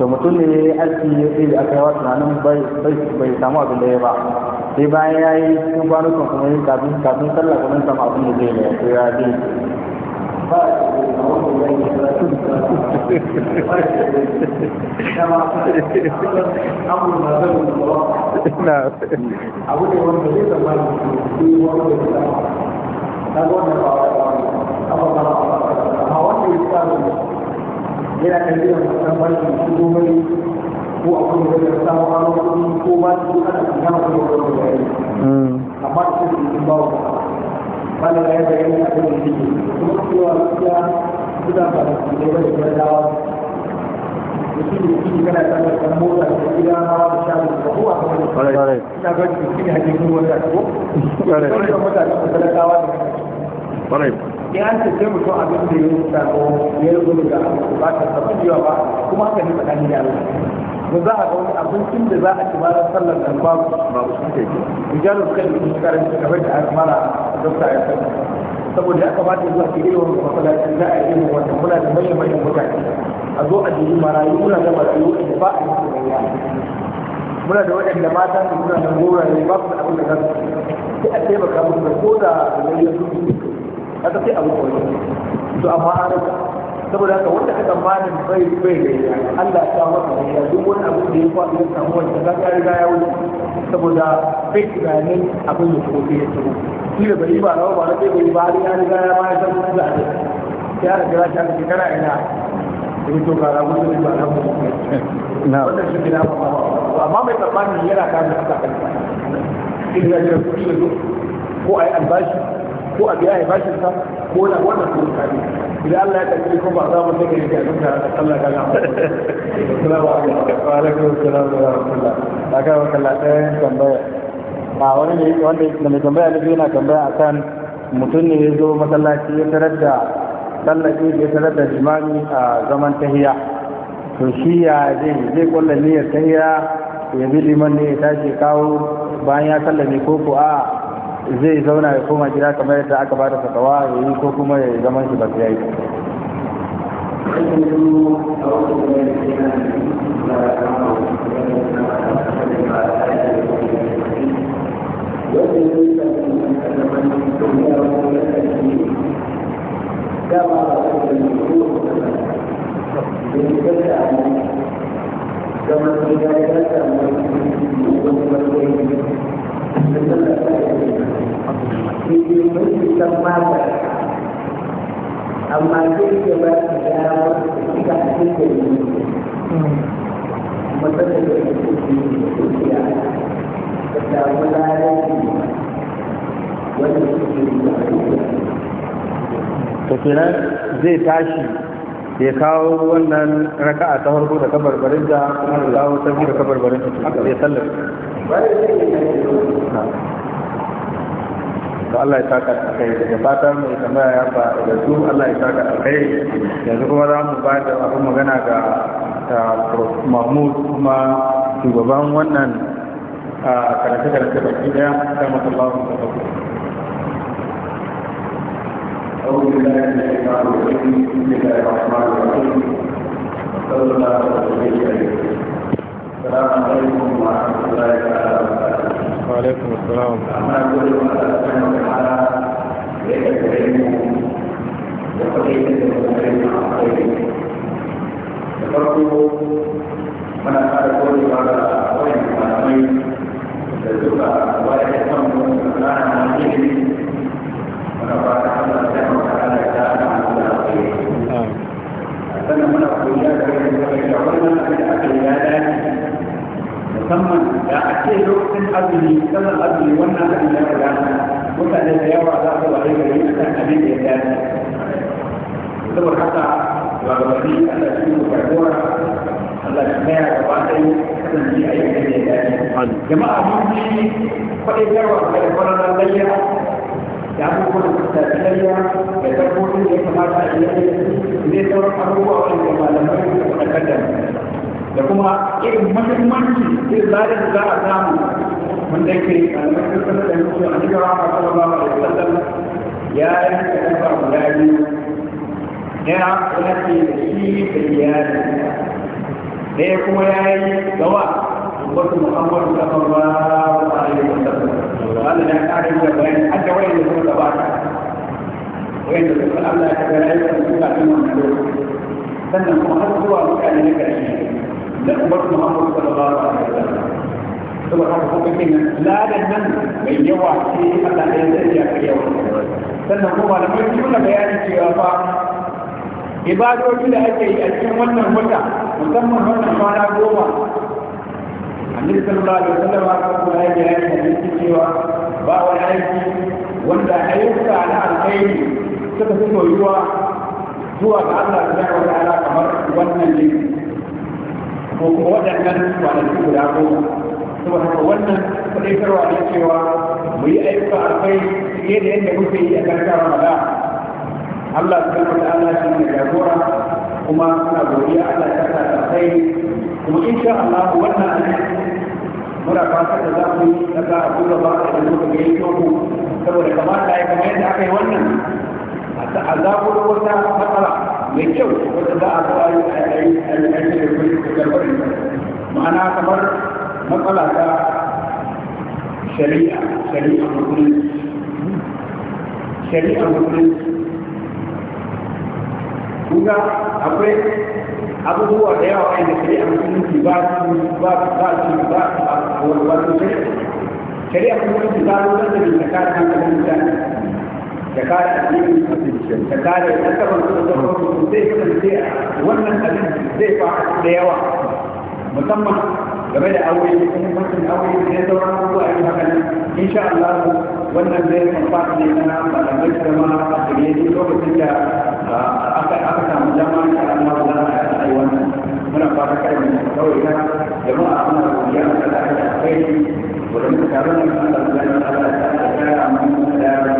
to mutum ne ya yi aiki ya yi a kai wa tunanin bai samu abin da ya ba sai bayan ya yi cikin kan kuma yi kafin kafin sallah kuma ya samu abin da zai ne to ya zai abu ne ba ya ba ba ya ba ya yana kallon wannan ba shi shigo ko a kuma da samu aro ko ba su ana kuma da wannan bayani hmm. amma su sun ba wa bala ya da yana da shi kuma cewa gaskiya suna ba da shi ba da dawa shi shi kana da kan mota da gida ma da shago da kowa kuma ina ga shi da hajjin wata ko kare kare da mutane da dawa da kare in an ce mutum abin da ya yi ko ya yi gudu ga ba ta tafi yawa ba kuma haka ne tsakanin da Allah ba za a ga wani abincin da za a ci bayan sallar nan babu babu su ke rijalu suka yi kuma karanci kamar da aka mara dokta ya sani saboda ya kamata zuwa ke irin wani masalaci za a yi irin wannan muna da manyan manyan mutane a zo a jiri marayu muna da marayu da ba a yi su muna da waɗanda mata da muna da gora ne ba su da abin da za su ci sai a taimaka musu da ko da da ya yi kaga sai abu kawai to amma an rasa saboda haka wanda ka tsammanin bai bai da Allah ya maka da ya duk wani abu da ya faɗi ya samu wanda ka ga riga ya wuce saboda bai tunanin abin da ko sai ya tsoro shi da bai ba rawa ba da bai ba ya riga ya ma ya san mun da ake ya riga ya ta kana ina da to ga rawa da ba rawa na wannan shi ne ba amma mai tsammanin yana kan da aka kan ko ai albashi ko a biya ya bashin sa ko na wannan ko ta ne idan Allah ya karbi ko ba za mu take yake a duka Allah ka ga assalamu alaikum wa alaikum assalam wa rahmatullah aka wa kalla tambaya a wani ne wanda da mai tambaya ne yana tambaya akan mutum ne ya zo masallaci ya tarar da tallafi ya tarar da jimami a zaman tahiya to shi ya zai zai kulla niyyar tahiya ya bi liman ne ya tashi kawo bayan ya sallame ko a zai zauna ya koma gida kamar yadda aka ba da fatawa ya yi ko kuma ya zaman shi ba su yayi Thank you. Dibimbing mata Amma sai ba su damar suka ake da yi Matsalar da ya kuke da kuke da damu lalaci wanda suke da kuke da zai tashi ya kawo wannan raka'a ta farko da kabarbarin da kuma da kawo ta biyu da kabarbarin ya sallar to Allah ya saka alkhairi da fatan mai tambaya ya fa da su Allah ya saka alkhairi yanzu kuma za mu ba da abin magana ga Mahmud kuma shugaban wannan a karatu-karatu baki daya da masallahu da أعوذ بالله من الشيطان الرجيم بسم الله الرحمن الرحيم صلى الله عليه وسلم السلام عليكم ورحمة الله تعالى وبركاته وعليكم السلام أما كل ما سبحانه وتعالى ليس بعلمه وحقيقة المسلمين عن خيره تفكروا من أخذ كل هذا وين المعلمين لتبقى ويحكم الله عن muna ana da kai sannan muna koyi da kai wannan abin da da lokacin azumi sannan azumi wannan abin ya gudana mutane da yawa za su ware gari a kan abin da ya dace saboda haka shugabanni Allah shi ne karbuwa Allah shi ne ya gaba ɗaya kasance a yau da ya dace jama'a mun ji faɗin yawa da kwanan lafiya da ya kamata a yi ne sauran abubuwa wanda malamai suka takaddama da kuma irin mahimmanci irin zarin za a samu wanda ke. malamai sun sanar da mutu a cikin rama sallallahu alaihi wasallam ya yi kadaba guda biyu ɗaya wani ce da shi da iyali ɗaya kuma ya yi gawa wasu muhammadu sallallahu alaihi wasallam wanda ya ƙara da bayan. har da wani da suka gabata وإذا تقول الله تعالى لا يكون إلا في مؤمنون سنة محمد هو مكان لك الشيء لأمر محمد صلى الله عليه وسلم ثم تقول لا لمن من يوع في الله يزيد في يوم سنة هو لم يكن بيان في أفاق ibadoji da ake yi a cikin wannan wata musamman wannan kwana goma annabi sallallahu alaihi wasallam ya kuma ya yi hadisi cewa ba wani aiki wanda ayyuka na alkhairi suka fi soyuwa zuwa ga Allah da zai wata ala kamar wannan ne ko kuma waɗannan kwanaki guda goma saboda haka wannan karwa ne cewa mu yi ayyuka kai fiye da yadda muke yi a karkar ramadan Allah subhanahu wa ala shi ne jagora kuma suna godiya Allah ya sa ta sai kuma insha Allah wannan aiki muna fatan da za mu yi na za a duba ba da muka ga yi saboda kamata ya kamar yadda aka yi wannan da azabun wata matsala mai kyau wata za a a yi a yi kuri da karfarin ma'ana kamar matsala ta shari'a shari'a mutum shari'a mutum kuga akwai abubuwa da yawa wanda shari'a musulunci ba su ba su ba su ba su a wani shari'a shari'a musulunci ta zo da tsakanin hankalin mutane da kare addini da kare nasarar sassafarsu zai kasance wannan abin zai fa da yawa musamman game da aure da muhimmancin aure da ya sauran abubuwa a haka nan insha Allah wannan zai kamfa ne na malamai karama a gare lokacin da aka samu dama da Allah za a yi wannan muna fara kai mu kawai na jama'a muna godiya da Allah da kai wurin taron da Allah ya ta da kai amma da